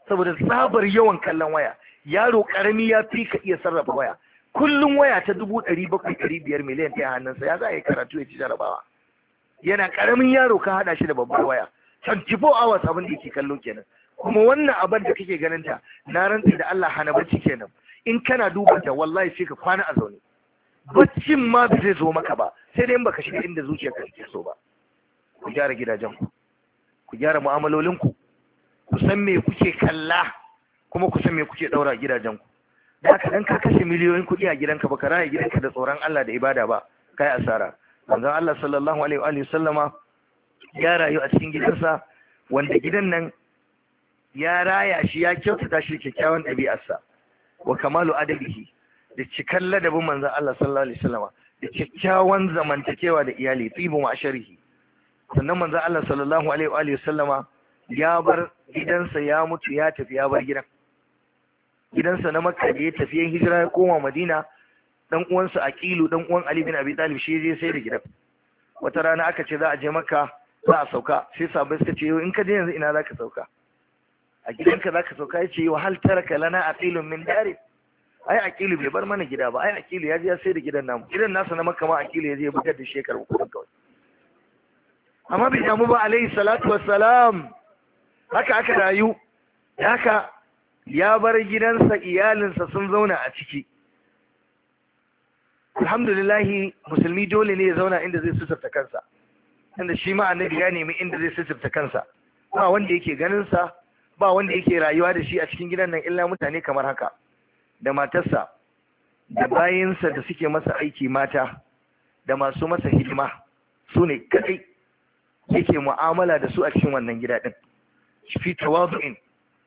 saboda tsabar yawan kallon waya yaro karami ya fi ka iya sarrafa waya kullum waya ta dubu ɗari bakwai ɗari biyar miliyan ɗaya hannunsa ya za a yi karatu ya ci jarabawa yana karamin yaro ka haɗa shi da babbar waya 24 hours abin da yake kallo kenan kuma wannan abin da kake ganin ta na rantsi da Allah hana bacci kenan in kana duba ta wallahi sai ka kwana a zaune baccin ma ba zai zo maka ba sai dai baka shiga inda zuciya ka ke so ba ku gyara gidajen ku ku gyara mu'amalolin ku ku san me kuke kalla kuma ku san me kuke daura gidajen ku da haka dan ka kashe miliyoyin kuɗi a gidanka baka raya gidanka da tsoron Allah da ibada ba kai asara manzon Allah sallallahu alaihi wa sallama ya rayu a cikin gidansa wanda gidan nan ya raya shi ya kyautata shi kyakkyawan ɗabi'arsa wa kamalu adabihi da cikan ladabin manzon Allah sallallahu alaihi wa sallama da kyakkyawan zamantakewa da iyali tibu ma'asharihi sannan manzon Allah sallallahu alaihi wa sallama ya bar gidansa ya mutu ya tafi ya bar gidan gidansa na makka da ya tafi yan hijira ya koma madina dan uwansa aqilu dan uwan ali bin abi talib shi je sai da gidan wata rana aka ce za a je makka za a sauka sai sabai suka ce in ka je yanzu ina zaka sauka a gidanka zaka sauka ya ce wa hal taraka lana aqilun min dari ai aqilu bai bar mana gida ba ai aqilu ya je ya sai da gidan namu gidan nasa na makka ma aqilu ya je ya bugar da shekaru kudin kawai amma bai damu ba alayhi salatu wassalam haka aka rayu haka ya bar gidansa iyalinsa sun zauna a ciki alhamdulillahi musulmi dole ne ya zauna inda zai suturta kansa inda shi ma annabi ya nemi inda zai suturta kansa ba wanda yake ganinsa ba wanda yake rayuwa da shi a cikin gidan nan illa mutane kamar haka da matarsa da bayinsa da suke masa aiki mata da masu masa hidima su ne kadai yake mu'amala da su a cikin wannan gida din fi tawadu'in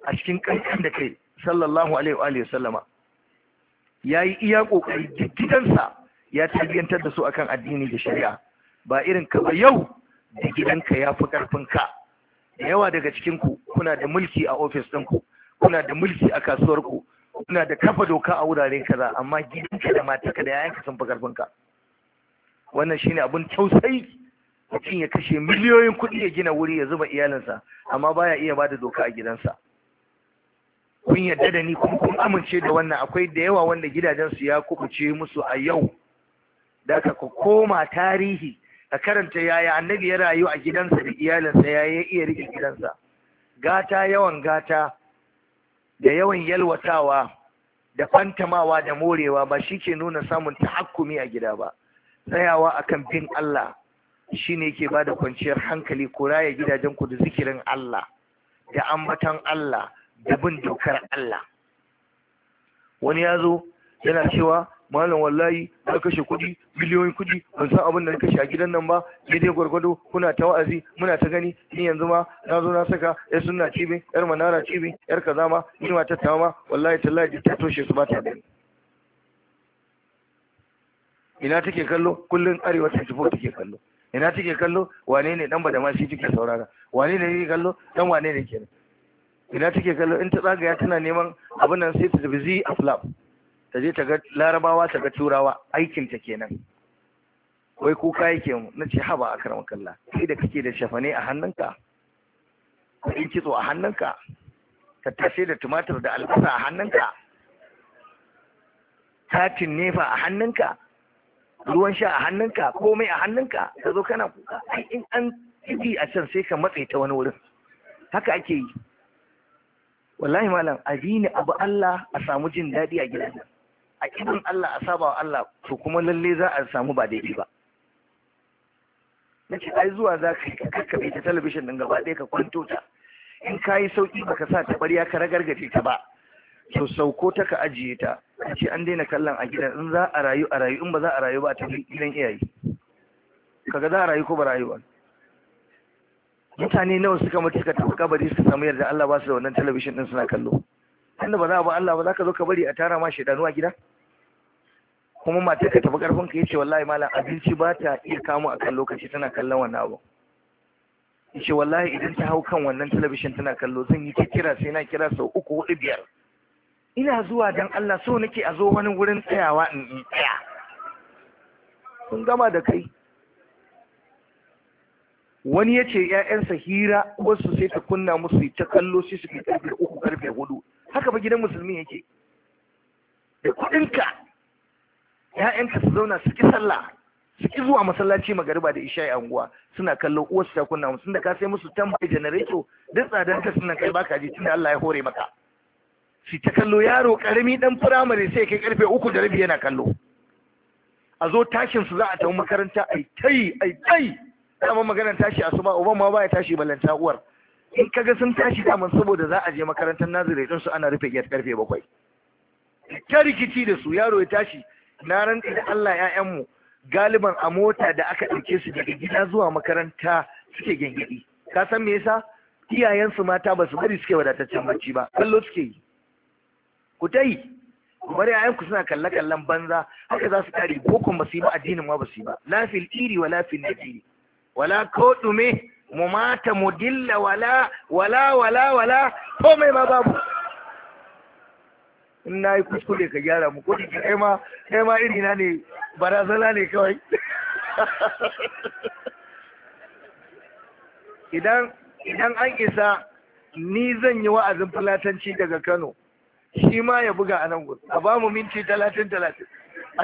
a cikin ƙanƙan da kai sallallahu alaihi wa sallama ya yi iya ƙoƙari gidansa ya tarbiyyantar da su akan addini da shari'a ba irin ka ba yau da gidanka ya fi ƙarfinka da yawa daga cikin ku kuna da mulki a ofis ɗinku kuna da mulki a kasuwarku kuna da kafa doka a wurare kaza amma gidanka da matarka da yayanka sun fi ƙarfinka wannan shine abin tausayi mutum ya kashe miliyoyin kuɗi ya gina wuri ya zuba iyalinsa amma baya iya bada doka a gidansa kun yadda da ni kuma kun amince da wannan akwai da yawa wanda gidajensu ya kubuce musu a yau da ka koma tarihi a karanta yaya annabi ya rayu a gidansa da iyalinsa yaya ya iya rike gidansa gata yawan gata da yawan yalwatawa da fantamawa da morewa ba shi ke nuna samun tahakkumi a gida ba tsayawa akan bin Allah shi ne ke ba da kwanciyar hankali ko raya gidajenku da zikirin Allah da ambatan Allah da bin dokar Allah wani ya zo yana cewa malam wallahi na kashe kuɗi miliyoyin kuɗi ban san abin da na kashe a gidan nan ba daidai gwargwado kuna ta wa'azi muna ta gani ni yanzu ma na zo na saka yar sunna cibi yar manara cibi yar kaza ma ni ma tattawa ma wallahi tallahi ta toshe su ba ta da ina take kallo kullun arewa ta tafi take kallo ina take kallo wane ne dan ma shi take saurara wane ne ke kallo dan wane ne kenan ina take kallo in ta zagaya tana neman abin nan sai ta tafi a aflab ta je ta ga larabawa ta ga turawa aikin ta kenan wai kuka yake mu na ce haba akram kallah kai da kake da shafane a hannunka kuɗin kitso a hannunka tattasai da tumatir da albasa a hannunka katin nefa a hannunka ruwan sha a hannunka komai a hannunka ka zo kana kuka ai in an ibi a can sai ka matse ta wani wurin haka ake yi wallahi malam abi abu Allah a samu jin daɗi a gidan nan a idan Allah a saba wa Allah to kuma lalle za a samu ba daidai ba nace ai zuwa za ka kakkabe ta talabishin din gaba ɗaya ka kwanto ta in ka yi sauki baka sa tabariya ka ragargaje ta ba to sauko ta ka ajiye ta ce an daina kallon a gidan in za a rayu a rayu in ba za a rayu ba a gidan iyaye kaga za a rayu ko ba rayuwa mutane nawa suka mutu suka tafi kabari suka samu yarda Allah ba su da wannan talabishin din suna kallo tunda ba za a ba Allah ba za ka zo ka bari a tara ma shaidanu a gida kuma mata ka tafi karfin ka yace wallahi malam abinci ba ta iya kamo a kan lokaci tana kallon wannan abu yace wallahi idan ta hau kan wannan talabishin tana kallo zan yi kira sai na kira sau uku hudu biyar ina zuwa dan Allah so nake a zo wani wurin tsayawa in tsaya kun gama da kai wani ya ce ‘ya'yansa hira wasu sai ta kunna musu ta kallo shi su fi karfe uku karfe hudu haka ba gidan musulmi yake da kuɗinka ‘ya'yanka su zauna su ki sallah su ki zuwa masallaci magariba da isha'i anguwa suna kallo uwarsu ta kunna musu da ka sai musu tambayi janareto duk tsadar ka suna kai baka ji tunda Allah ya hore maka shi ta kallo yaro karami dan firamare sai kai karfe uku da rabi yana kallo a zo tashin su za a tafi makaranta ai tai ai tai dama maganar tashi a ba, uban ma ya tashi balanta uwar in kaga sun tashi daman saboda za a je makarantar nazire din su ana rufe giyar karfe bakwai ta rikici da su yaro ya tashi na ran da Allah ƴaƴanmu galiban a mota da aka ɗauke su daga gida zuwa makaranta suke gyangyaɗi. ka san me yasa iyayensu mata ba su bari suke wadataccen bacci ba kallo suke yi ku ta yi ku bari ku suna kalle-kallen banza haka za su tare bokon ba su yi ba addinin ma ba su yi ba lafil iri wa lafil nadiri wala ko dume mu mata mu dilla wala wala wala wala ko mai ma babu in na yi kuskure ka gyara mu ko kai ma kai ma na ne barazana ne kawai (laughs) idan idan an isa ni zan yi wa'azin fulatanci daga Kano shi ma ya buga a nan gudu a ba mu minti talatin talatin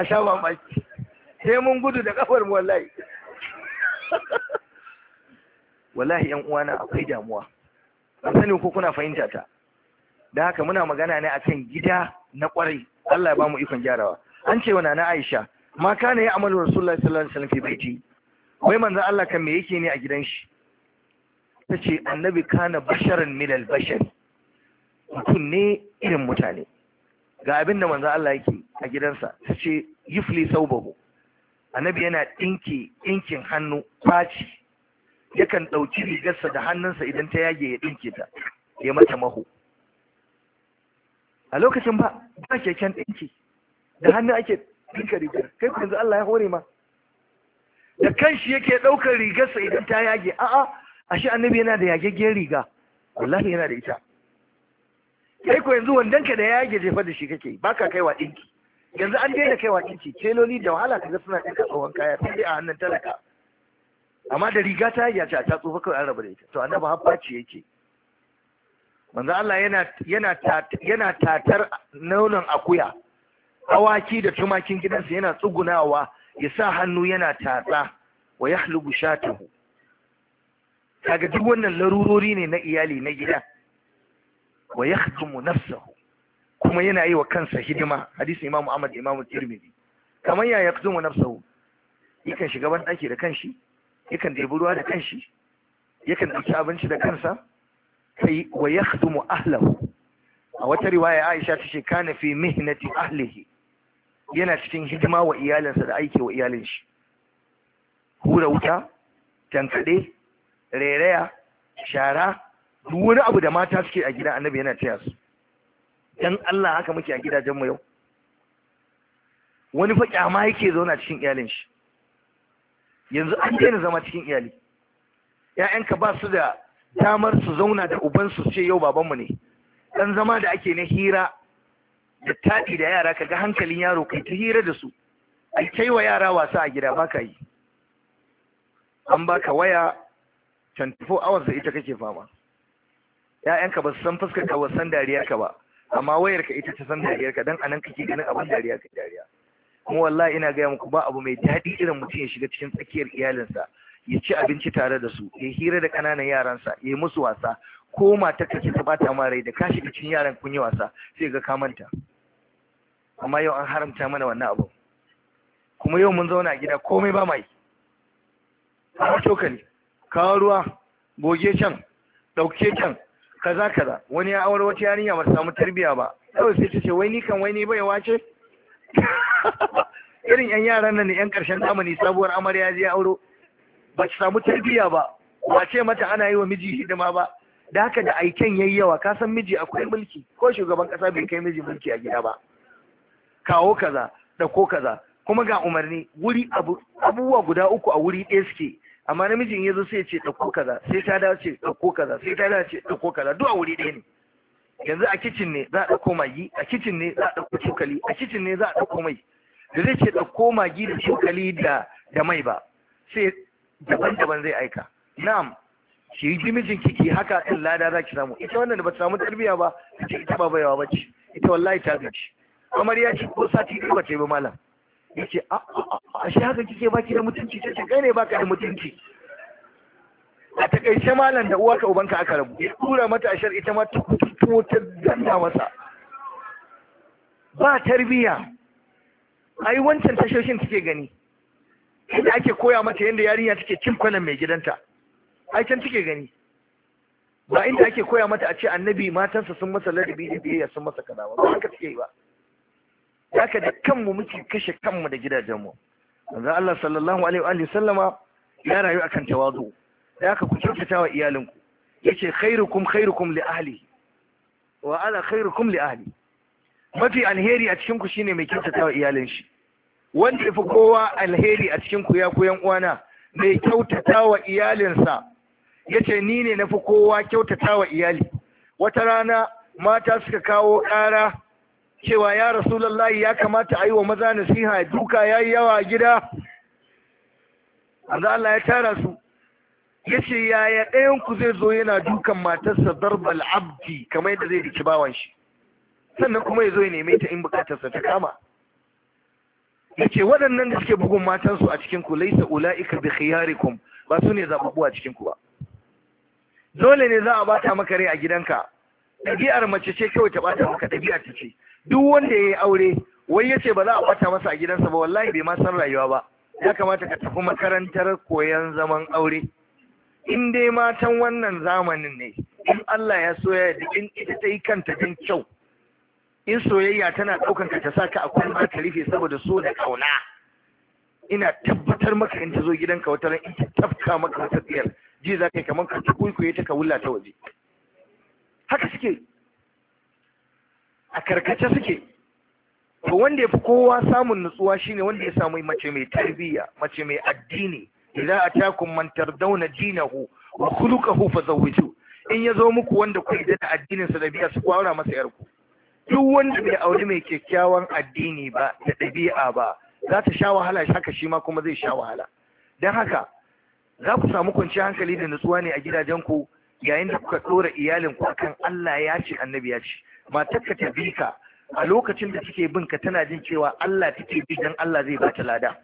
a sha mamaki sai mun gudu da kafar mu wallahi (laughs) wallahi yan uwana akwai damuwa ban sani ko kuna fahimta ta da haka muna magana ne akan gida na kwarai Allah ya bamu ikon gyarawa an ce wa na Aisha ma kana ya amalu rasulullahi sallallahu alaihi wasallam fi baiti wai manzon Allah kan me yake ne a gidan shi tace annabi kana basharan min al bashar mutum ne irin mutane ga abin da manzon Allah yake a gidansa tace yufli saubahu annabi yana dinki dinkin hannu faci yakan ɗauki rigarsa da hannunsa idan ta yage ya ɗinke ta ya mata maho a lokacin ba ba keken ɗinki da hannun ake ɗinka rigar kai ku yanzu Allah ya hore ma da kanshi yake ɗaukar rigarsa idan ta yage a'a shi annabi yana da yageggen riga wallahi yana da ita kai ku yanzu wandonka da yage jefa da shi kake Ba ka kaiwa ɗinki yanzu an daina kaiwa ɗinki keloli da wahala ga suna ɗinka tsohon kaya sai dai a hannun talaka amma da riga ta yi, a ta tsufa kawai an raba da ita to annabi ce yake manzo Allah yana yana yana tatar nonon akuya awaki da tumakin gidansa yana tsugunawa ya sa hannu yana tatsa wa yahlubu shatahu kaga duk wannan larurori ne na iyali na gida wa yakhdumu nafsahu kuma yana yi wa kansa hidima hadisi imamu Ahmad imamu Tirmidhi kamar ya yakhdumu nafsahu yakan shiga ban daki da kanshi yakan ɗebi ruwa da kanshi yakan ɗauki abinci da kansa kai wa mu ahlahu a wata riwaya Aisha ta ce kana fi mihnati ahlihi yana cikin hidima wa iyalinsa da aiki wa iyalin shi hura wuta tankade rairaya shara duk wani abu da mata suke a gida annabi yana taya su dan Allah haka muke a gidajenmu yau wani fa kyama yake zauna cikin iyalin shi yanzu an daina zama cikin iyali ‘ya'yanka ba su da damar su zauna da ubansu ce yau babanmu ne dan zama da ake na hira da taɗi da yara ka ga hankalin yaro kai ta hira da su a kai wa yara wasa a gida baka yi an baka waya 24 hours da ita kake fama ‘ya'yanka ba su san fuskar ka wasan san dariyar ka ba amma wayar ka ita ta san dariyar ka dan anan kake ganin abin dariya kai dariya kuma wallahi ina gaya muku ba abu mai daɗi irin mutum ya shiga cikin tsakiyar iyalinsa ya ci abinci tare da su ya hira da ƙananan yaransa ya yi musu wasa ko matarka ce ta bata ma rai da ka shiga cikin yaran kun yi wasa sai ga ka manta amma yau an haramta mana wannan abu kuma yau mun zauna a gida komai ba mai kawo cokali kawo ruwa goge can ɗauke can kaza kaza wani ya aure wata yarinya ba samu tarbiyya ba yau sai ta ce wai ni kan wai ni bai wace (laughs) irin yan yaran nan ne yan karshen zamani sabuwar amarya je auro ba ta samu tarbiyya ba ba ce mata ana yi wa miji hidima ba da haka da aiken yayi yawa ka san miji akwai mulki ko shugaban kasa bai kai miji mulki a gida ba kawo kaza da ko kaza kuma ga umarni wuri abubuwa guda uku a wuri ɗaya suke amma namijin ya zo sai ce ɗauko kaza sai ta dace ɗauko kaza sai ta dace ɗauko kaza duk a wuri ɗaya ne yanzu a kicin ne za a ɗauko magi a kicin ne za a ɗauko cokali a kicin ne za a ɗauko mai da zai ce ɗauko magi da cokali da da mai ba sai daban-daban zai aika na'am ki yi mijin kiki haka ɗin lada za ki samu ita wannan da ba samu tarbiyya ba ita ita ba bayawa ba ce ita wallahi ta gaci kamar ya ce ko sati ɗaya ba ce ba malam ya ce a shi haka kike baki da mutunci ta ce kai ne baka da mutunci a takaice malam da uwa ka ubanka aka rabu ya tura mata ashar ita ma ta kuto ta danda masa ba tarbiyya ai wancan tashoshin take gani inda ake koya mata yadda yarinya take cin kwanan mai gidanta ai can take gani ba inda ake koya mata a ce annabi matansa sun masa ladabi da biyayya sun masa kaza ba ba haka take yi ba haka da kanmu muke kashe kanmu da gidajenmu manzo Allah sallallahu alaihi wa sallama ya rayu akan tawazu da haka ku kyautata wa iyalinku yace khairukum khairukum li ahli wa ana khairukum li ahli mafi alheri a cikin ku shine mai kyautata wa iyalin shi wanda yafi kowa alheri a cikin ku ya ku yan uwana mai kyautata wa iyalinsa yace ni ne nafi kowa kyautata wa iyali wata rana mata suka kawo ƙara cewa ya rasulullahi ya kamata a yi wa maza nasiha duka yayi yi yawa gida Allah ya tara su yace yaya ɗayan ku zai zo yana dukan matarsa darbal abdi kamar yadda zai diki bawan shi sannan kuma ya zo ya neme ta in bukatarsa ta kama Ya ce, waɗannan da suke bugun matansu a cikin laisa ulaika bi khiyarikum ba su ne zaɓaɓɓu a cikinku ba dole ne za a bata maka rai a gidanka ɗabi'ar mace ce kawai ta bata maka ɗabi'ar ta ce duk wanda ya yi aure wai ya ce ba za a bata masa a gidansa ba wallahi bai ma san rayuwa ba ya kamata ka tafi makarantar koyon zaman aure in dai matan wannan zamanin ne in Allah ya so ya in ita ta yi kanta don kyau in soyayya tana ɗaukan ka ta sa ka a kwalba ka rufe saboda so da kauna ina tabbatar maka in ta zo gidanka wata ran in ta tafka maka wata tsiyar ji za ka yi kamar ka tukuikuye ta ka wulla ta waje haka suke a karkace suke to wanda ya fi kowa samun nutsuwa shine wanda ya samu mace mai tarbiyya mace mai addini idza atakum man tardawna dinahu wa khuluquhu fazawwiju in zo muku wanda ku da addinin sa da biya su kwara masa yarku duk wanda bai auri mai kyakkyawan addini ba da ɗabi'a ba za ta sha wahala haka shi ma kuma zai sha wahala don haka za ku samu kwanciyar hankali da nutsuwa ne a gidajenku yayin da kuka ɗora ku akan Allah ya ce annabi ya ce ka ta bi ka a lokacin da take bin ka tana jin cewa Allah take bi dan Allah zai ba ta lada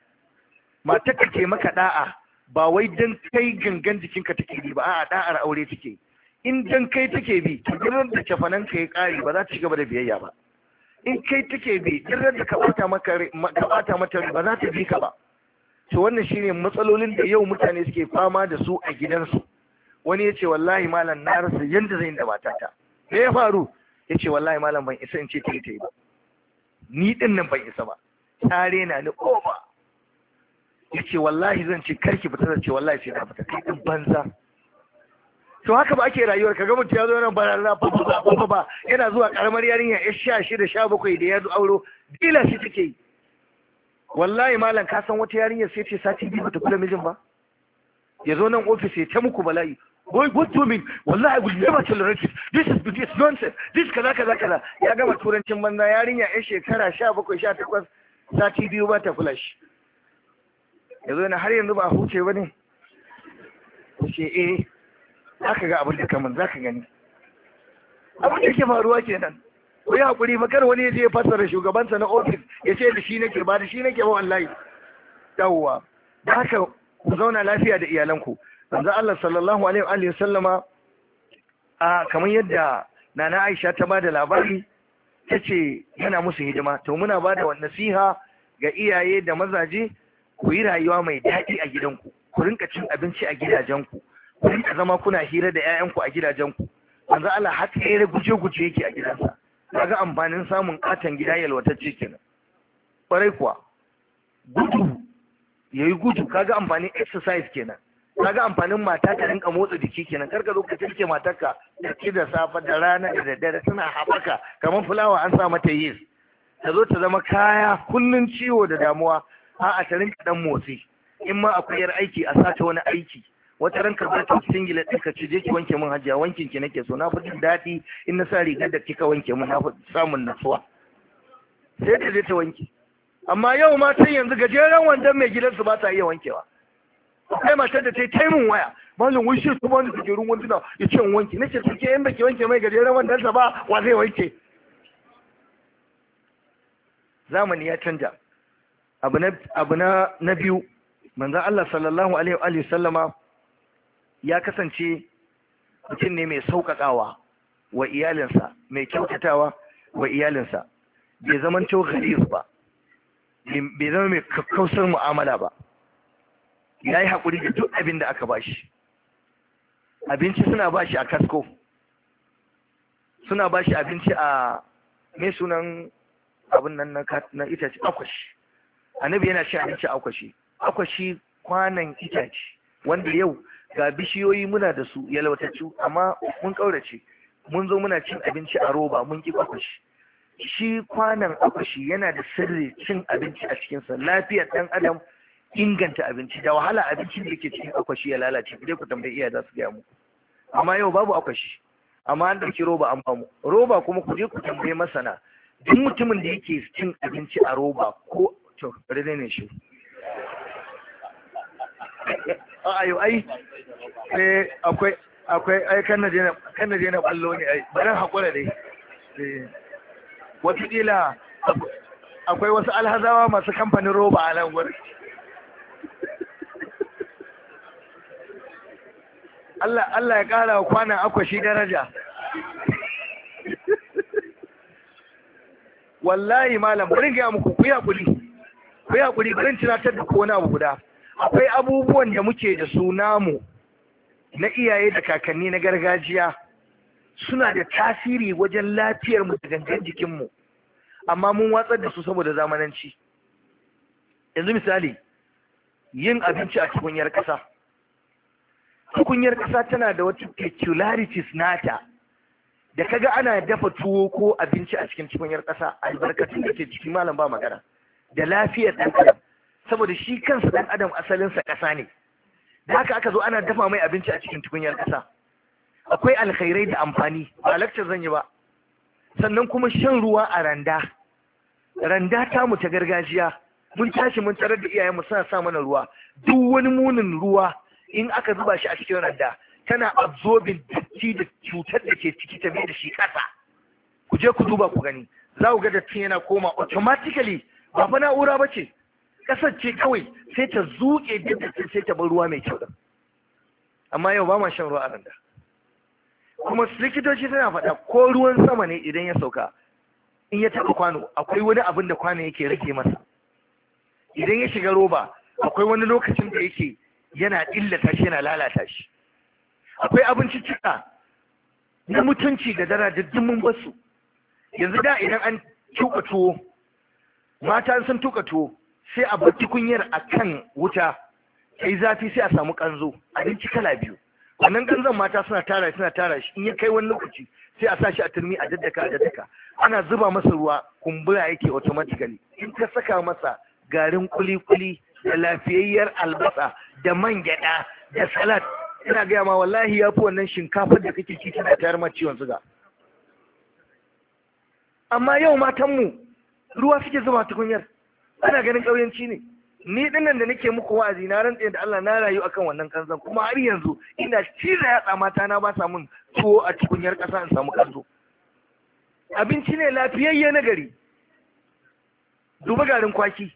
ka ke maka ɗa'a, ba wai dan kai gangan jikinka take bi ba a'a ɗa'ar aure take in dan kai take bi to da kafanan ka ya kare ba za ta gaba da biyayya ba in kai take bi dirar da ka bata maka ka bata mata ba za ta bi ka ba to wannan shine matsalolin da yau mutane suke fama da su a gidansu wani ya ce wallahi malam na rasa yanda zan da matata me ya faru ya ce wallahi malam ban isa in ce ta yi ba ni din nan ban isa ba tare na ni oba ya ce wallahi zan ce karki fita da ce wallahi sai ka fita kai din banza to haka ba ake rayuwar ka mutum ya zo yana bararra ba ba ba yana zuwa karamar yarinya ya sha shida sha bakwai da ya zo auro dila shi take yi wallahi malam ka san wata yarinya sai ce sati biyu bata kula mijin ba ya zo nan ofis ya ta muku bala'i boy what do you mean wallahi will never tolerate this this is this nonsense this kaza kaza kaza ya gama turancin banza yarinya ya shekara sha bakwai sha takwas sati biyu ba ta kula shi ya zo har yanzu ba a huce ba ne ce eh za ga abin da kamun za ka gani abin da yake faruwa kenan ko yi hakuri makar wani je fassara sa na ofis ya ce da shi nake ba da shi nake ba wallahi yawwa da haka ku zauna lafiya da iyalanku manzo Allah sallallahu alaihi wa sallama a kamar yadda nana Aisha ta ba da labari ta yana musu hidima to muna bada da nasiha ga iyaye da mazaje ku yi rayuwa mai daɗi a gidanku ku rinka cin abinci a gidajenku ku rika zama kuna hira da 'ya'yanku a gidajenku manzo Allah har tsere guje-guje yake a gidansa kaga amfanin samun katon gida yalwatacce kenan kwarai kuwa gudu yayi gudu kaga amfanin exercise kenan kaga amfanin mata ta rinka motsa jiki kenan kar ka zo ka tirke matarka Daki da safe da rana da daddare tana haɓaka kamar fulawa an sa mata yis ta zo ta zama kaya kullun ciwo da damuwa a'a ta rinka dan motsi in ma akwai yar aiki a ta wani aiki wata ran ka zata singlet ɗin ka ce je ki wanke min hajiya wankin ki nake so na fi jin daɗi in na sa rigar da kika wanke min na fi samun natsuwa sai ta je ta wanke amma yau ma matan yanzu gajeren wandon mai gidansu ba ta iya wankewa kai matar da ta yi taimun waya malam wai shi ta bani gajerun wanduna ya ce wanke nace to ke yin baki wanke mai gajeren sa ba wa zai wanke zamani ya canja abu na biyu manzan Allah sallallahu alaihi wa sallama ya kasance mutum ne mai sauƙaƙawa wa iyalinsa mai kyautatawa wa iyalinsa bai cewa ghalif ba bai zama mai kakkausar mu'amala ba ya yi haƙuri da duk abin da aka bashi abinci suna bashi a kasko suna bashi abinci a mai sunan abin nan na itace akwashi annabi yana shi abinci akwashi akwashi kwanan itace wanda yau ga bishiyoyi muna da su yalwatacci amma mun ƙaurace mun zo muna cin abinci a roba mun ki kwafashi shi kwanan akwashi yana da sirri cin abinci a cikinsa lafiyar ɗan adam inganta abinci da wahala abinci da yake cikin akwashi ya lalace dai ku tambayi iya za su gaya muku amma yau babu akwashi amma an ɗauki roba an bamu roba kuma ku je ku tambayi masana duk mutumin da yake cin abinci a roba ko to ne shi ayo ai sai akwai akwai ai kan naje na kan naje na ballo ne ai bari hakura dai eh, wata kila akwai wasu alhazawa masu kamfanin roba a nan gurin Allah Allah ya kara wa kwanan akwashi daraja wallahi malam bari ga muku ku yi hakuri ku yi hakuri bari tunatar da ku wani abu guda akwai abubuwan da muke da su namu na iyaye da kakanni na gargajiya suna da tasiri wajen lafiyar mu da gangan jikinmu amma mun watsar da su saboda zamananci yanzu misali yin abinci a tukunyar ƙasa tukunyar ƙasa tana da wata peculiarities nata da kaga ana dafa tuwo ko abinci a cikin tukunyar ƙasa albarkatun da ke cikin malam ba magana da lafiyar ɗan adam saboda shi kansa dan adam asalinsa ƙasa ne da haka aka zo ana dafa mai abinci a cikin tukunyar ƙasa akwai alkhairai da amfani ba lakcin zan yi ba sannan kuma shan ruwa a randa randa ta mu ta gargajiya mun tashi mun tarar da mu suna sa mana ruwa duk wani munin ruwa in aka zuba shi a cikin randa tana absorbing datti da cutar da ke ciki ta da shi ƙasa ku je ku duba ku gani za ku ga dattin yana koma automatically ba fa na'ura ba ce ƙasar ce kawai sai ta zuƙe duk sai ta bar ruwa mai kyau amma yau ba ma shan ruwa a randa kuma likitoci suna faɗa ko ruwan sama ne idan ya sauka in ya taɓa kwano akwai wani abin da kwano yake rage masa idan ya shiga roba akwai wani lokacin da yake yana illata shi yana lalata shi akwai abinci cika na mutunci da da mun basu yanzu da idan an tuka tuwo mata sun tuka tuwo sai a bar tukunyar a kan wuta ta yi zafi sai a samu kanzo abinci kala biyu wannan kanzon mata suna tara suna tara shi in ya kai wani lokaci sai a sa shi a turmi a daddaka a daddaka ana zuba masa ruwa kumbura yake automatically in ka saka masa garin kuli-kuli da lafiyayyar albasa da man gyada da salad ina gaya ma wallahi ya fi wannan shinkafa da kake ci tana tayar ma ciwon suga amma yau matanmu ruwa suke zuba tukunyar ana ganin ƙauyenci ne ni dinnan da nake muku wa'azi na rantse da Allah na rayu akan wannan kanzan kuma har yanzu ina ya yatsa mata na ba sa mun tuwo a tukunyar ƙasa in samu kanzo abinci ne lafiyayye na gari duba garin kwaki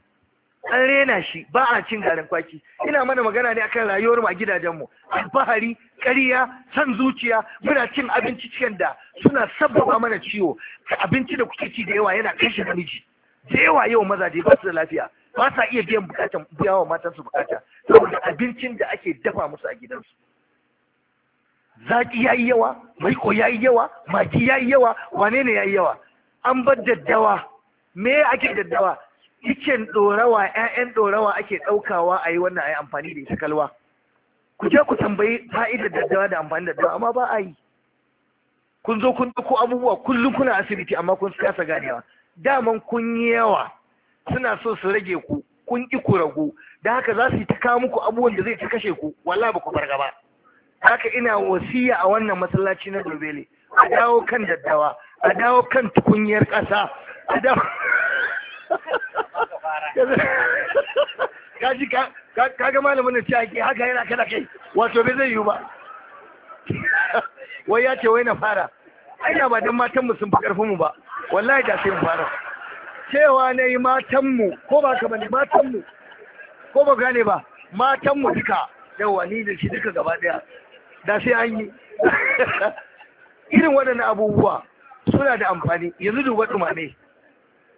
an rena shi ba a cin garin kwaki ina mana magana ne akan rayuwar mu a mu alfahari ƙarya san zuciya muna cin abinci cikin da suna sabbaba mana ciwo abinci da kuke ci da yawa yana kashe namiji jewa yau mazaje ba su da lafiya ba sa iya biyan bukatan biya wa su bukata saboda abincin da ake dafa musu a gidansu zaki yayi yawa maiko yayi yawa maki yayi yawa wane ne yayi yawa an bar daddawa me ake daddawa kicin ɗorawa, 'ya'yan ɗorawa ake ɗaukawa a yi wannan a yi amfani da ita kalwa ku je ku tambayi fa'idar daddawa da amfani da daddawa amma ba a yi kun zo kun ɗauko abubuwa kullum kuna asibiti amma kun kasa ganewa daman kun yi yawa suna so su rage ku kun ki ku ragu da haka za su yi ta kawo muku abubuwan da zai ta kashe ku wallahi ba ku farga ba haka ina wasiya a wannan masallaci na Dobele a dawo kan daddawa a dawo kan tukunyar ƙasa a dawo (laughs) kaji ka ga malamin nan cewa ke haka yana kada kai wato bai zai yiwu ba (laughs) wai ya ce wai na fara ai ba dan matan mu sun fi karfin mu ba wallahi da sai mu fara cewa na yi matanmu ko ba ka bane matanmu ko ba gane ba matanmu duka yawa ni da shi duka gaba daya da sai an yi (laughs) irin waɗannan abubuwa suna da amfani yanzu duba dumame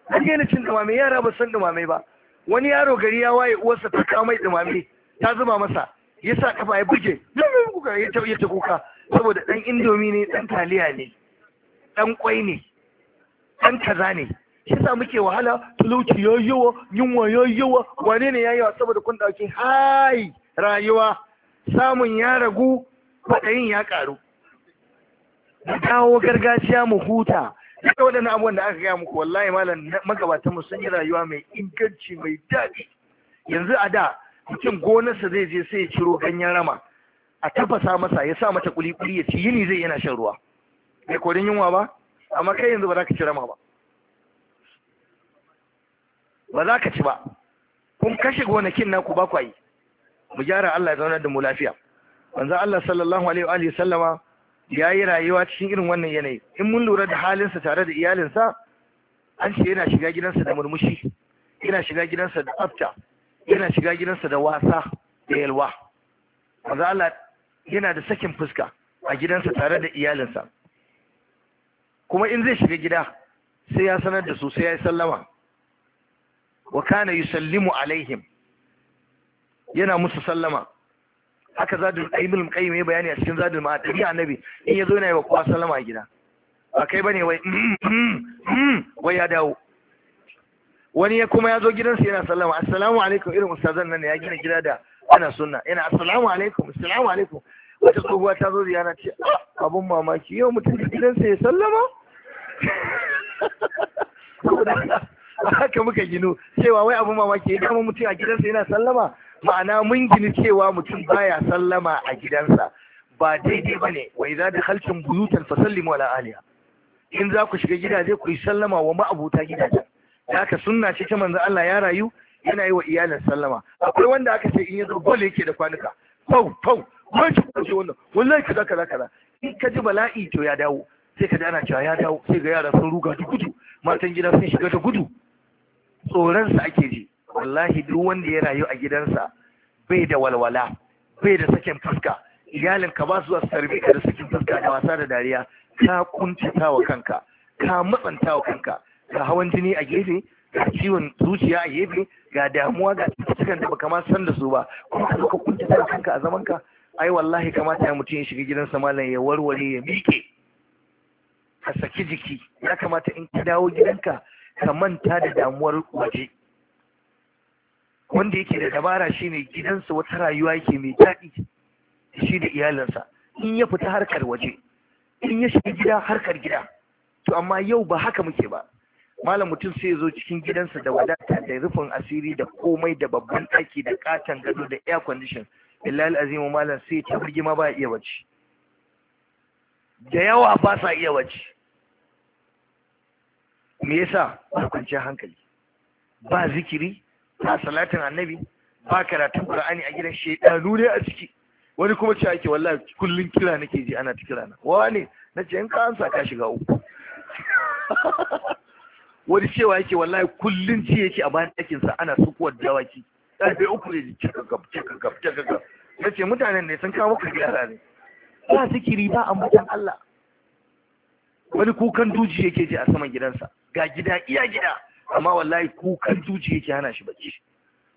an daina cin dumame yara ba san dumame ba wani yaro gari ya waye uwarsa ta kama dumame ta zuba masa ya sa kafa ya buge ya ta kuka saboda dan indomi ne dan taliya ne dan kwai ne ɗan kaza ne shi sa muke wahala talauci yayyawa yunwa yayyawa wane ne ya wa saboda kun ɗauki hai rayuwa samun ya ragu kwaɗayin ya ƙaru mu dawo gargajiya mu huta duka waɗannan abubuwan da aka gaya muku wallahi malam magabatan mu sun yi rayuwa mai inganci mai daɗi yanzu a da mutum gonarsa zai je sai ya ciro ganyen rama a tafasa masa ya sa mata kuli ya ci yini zai yana shan ruwa bai korin yunwa ba amma kai yanzu ba za ka ci rama ba ba za ka ci ba kun kashe gonakin naku ba kwayi mu gyara Allah ya zaunar da mu lafiya wanzu Allah sallallahu alaihi wa alihi sallama ya yi rayuwa cikin irin wannan yanayi in mun lura da halinsa tare da iyalinsa an ce yana shiga gidansa da murmushi yana shiga gidansa da tsafta yana shiga gidansa da wasa da yalwa wanzu Allah yana da sakin fuska a gidansa tare da iyalinsa kuma in zai shiga gida sai ya sanar da su sai ya yi sallama wa kana yusallimu alaihim yana musu sallama haka zadul ibn qayyim ya bayani a cikin zadul ma'ad bi annabi in yazo yana yi wa kowa sallama a gida ba kai bane wai mm, mm, mm, wai ya dawo wani ya kuma ya zo gidansa yana sallama assalamu alaikum irin ustazan nan ya gina gida da ana sunna yana assalamu alaikum assalamu alaikum wata tsohuwa ta zo ziyara ce ah, abun mamaki yau mutum da gidansa ya sallama (laughs) haka muka gino cewa wai abu mamaki ya kama mutum a gidansa yana sallama ma'ana mun gini cewa mutum baya sallama a gidansa ba daidai ba ne wai za da halcin buyutan fasalli mawala aliya in za ku shiga gidaje ku yi sallama wa ma'abuta gidajen da aka sunna ce ta manzo Allah ya rayu yana yi wa iyalin sallama akwai wanda aka ce in yi zo yake da kwanuka fau fau wani shi kwanci wannan wallahi kaza kaza kaza in ka ji bala'i to ya dawo sai ka ana cewa ya dawo sai ga yara sun ruga da gudu matan gida sun shiga da gudu tsoronsa ake ji wallahi duk wanda ya rayu a gidansa bai da walwala bai da sakin fuska iyalin ka ba su zuwa sarbi ka da sakin fuska da wasa da dariya ka kuntata wa kanka ka matsanta wa kanka ga hawan jini a gefe ga ciwon zuciya a gefe ga damuwa ga cikin da baka ma san da su ba kuma ka kuntata wa kanka a zaman ai wallahi kamata ya mutum ya shiga gidansa malam ya warware ya miƙe ka saki jiki ya kamata in ka dawo gidanka ka manta da damuwar waje wanda yake da dabara shine gidansa wata rayuwa yake mai daɗi shi da iyalinsa in ya fita harkar waje in ya shiga gida harkar gida to amma yau ba haka muke ba malam mutum sai ya zo cikin gidansa da wadata da rufin asiri da komai da babban ɗaki da katon gado da air condition billahi azimu malam sai ta birgima ba iya bacci da yawa ba sa iya bacci me yasa ba kwanciyar hankali ba zikiri ba salatin annabi ba karatun qur'ani a gidan shedanu ne a ciki wani kuma ce ake wallahi kullun kira nake ji ana ta kira na wani na in ka ansa ka shiga uku (laughs) wani cewa yake wallahi kullun ci yake a bayan ɗakin sa ana sukuwar dawaki ɗarfe uku ne cika gab cika gab cika gab ce mutanen ne sun kawo ka gyara ne ba zikiri ba ambatan Allah wani kukan duji yake ji a saman gidansa ga gida iya gida amma wallahi kukan zuci yake hana shi bacci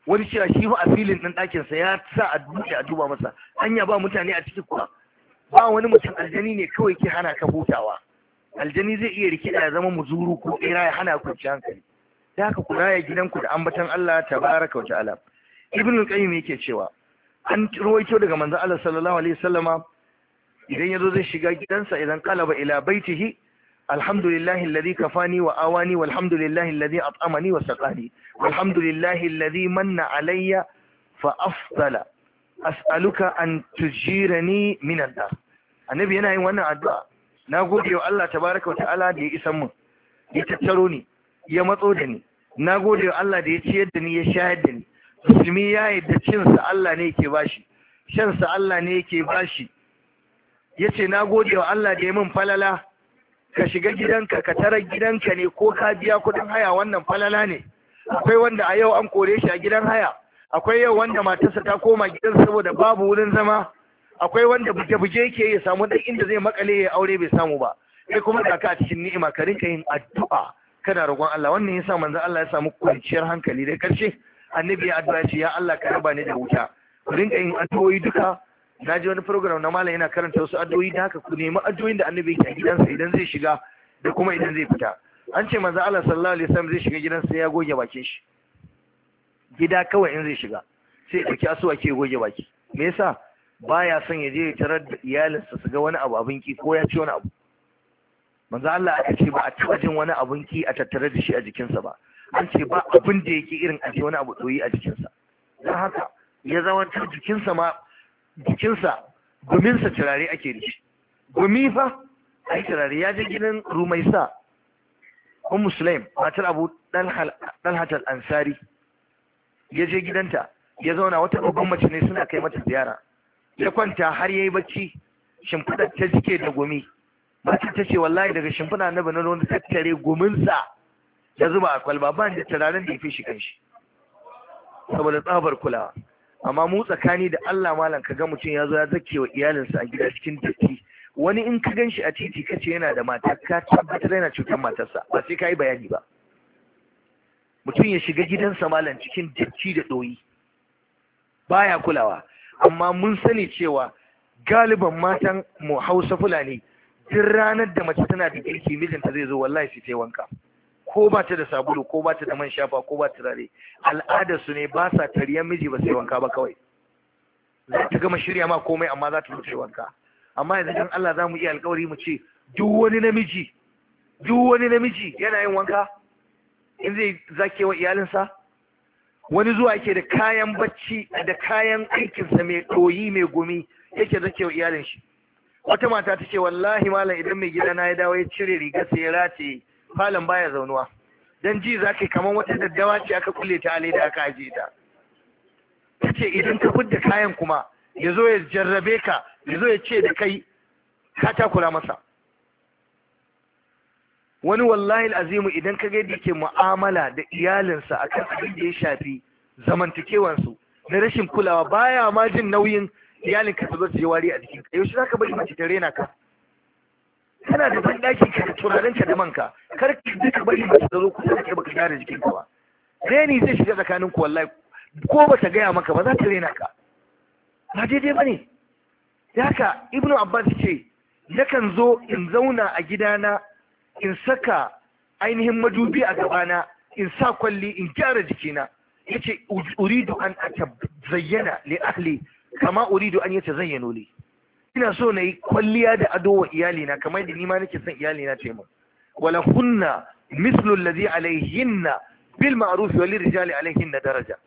wani cewa shi fa a filin ɗin ɗakin sa ya sa a buɗe a duba masa hanya ba mutane a ciki kuwa ba wani mutum aljani ne kawai ke hana ka hutawa aljani zai iya rikida ya zama muzuru ko ƙera ya hana ku hankali da haka ku raya gidanku da ambatan Allah tabaraka wa ta'ala ibn al-qayyim yake cewa an ruwaito daga manzo Allah sallallahu alaihi wasallama idan yazo zai shiga gidansa idan qalaba ila baitihi alhamdulillahi alladhi kafani wa awani walhamdulillahi alladhi at'amani wa saqani walhamdulillahi alladhi manna alayya fa afdala as'aluka an tujirani min an yana yin wannan addu'a na gode wa Allah tabaaraka wa ta'ala da ya isan mun ya tattaro ya matso da ni na gode wa Allah da ya ciyar da ni ya shayar da ni musulmi ya yadda cinsa Allah ne bashi shansa Allah ne bashi yace na gode wa Allah da ya min falala ka shiga gidanka ka tarar gidanka ne ko ka biya kuɗin haya wannan falala ne akwai wanda a yau an kore shi a gidan haya akwai yau wanda matarsa ta koma gidan saboda babu wurin zama akwai wanda buge-buge yake ya samu ɗan inda zai makale ya aure bai samu ba sai kuma ka ka cikin ni'ima ka rinka yin addu'a kana roƙon Allah wannan yasa manzo Allah ya samu kwanciyar hankali dai karshe annabi ya addu'a ya Allah ka raba ni da wuta rinka yin addu'o'i duka na ji wani program na malam yana karanta wasu addu'o'i da haka ku nemi addu'o'in da annabi yake a gidansa idan zai shiga da kuma idan zai fita an ce manzo Allah sallallahu alaihi wasallam zai shiga gidansa ya goge bakin shi gida kawai in zai shiga sai ɗauki asuwa ke goge baki me yasa baya son ya je ya tarar da iyalinsa su ga wani abu abin ki ko ya ci wani abu manzo Allah aka ce ba a taba jin wani abin ki a tattare da shi a jikinsa ba an ce ba abin da yake irin a ce wani abu tsoyi a jikinsa don haka ya zama jikinsa ma jikinsa guminsa turare ake da shi gumi fa a yi turare ya je gidan rumaisa un musulaim matar abu hatar ansari ya je gidanta ya zauna wata babban mace ne suna kai mata ziyara ya kwanta har ya yi bacci shimfiɗa ta jike da gumi mace ta ce wallahi daga shimfiɗa na bana tattare guminsa ya zuba a kwalba ban da turaren da ya fi shi kanshi saboda tsabar kulawa amma mu tsakani da Allah malam kaga mutum ya zo ya zake wa iyalinsa a gida cikin datti wani in ka ganshi a titi kace yana da mata ka tabbatar yana cutar matarsa ba sai ka bayani ba mutum ya shiga gidansa malam cikin datti da doyi baya kulawa amma mun sani cewa galiban matan mu Hausa Fulani duk ranar da mace tana da girki mijinta zai zo wallahi sai wanka ko ba ta da sabulu ko ba ta da man shafa ko ba turare al'adar su ne ba sa tariyar miji ba sai wanka ba kawai za ta gama shirya ma komai amma za ta rufe wanka amma yanzu dan Allah za mu iya alƙawari mu ce duk wani namiji duk wani namiji yana yin wanka in zai zake wa iyalinsa wani zuwa yake da kayan bacci da kayan aikinsa mai ɗoyi mai gumi yake zake wa iyalin shi wata mata ta ce wallahi malam idan mai gida na ya dawo ya cire riga sai ya rataye falon baya zaunuwa Don ji za ka kamar wata daddawa ce aka kulle ta alai da aka ajiye ta ta ce idan ka fudda kayan kuma ya zo ya jarrabe ka ya zo ya ce da kai ka takura masa wani wallahi azimu idan ka gaida ke mu'amala da iyalinsa akan abin da ya shafi zamantakewansu na rashin kulawa baya ma jin nauyin iyalinka ka zo su je wari a jikin ka yaushe ka bari mace ta rena ka kana da ban daki ka da turaren ka da manka kar ki duka bari ba ta ku da kai baka gyara jikin ka ba reni zai shiga tsakanin ku wallahi ko ba ta gaya maka ba za ta rena ka ba daidai ba ne haka ibnu abbas ce nakan zo in zauna a gidana in saka ainihin madubi a gaba na, in sa kwalli in gyara jikina yace uridu an zayyana li ahli kama uridu an zayyano li ina so na yi kwalliya da ado wa iyalina kamar da nima nake son iyalina ta yi min wala hunna mislu allazi alaihinna bil ma'ruf wal rijali alayhinna daraja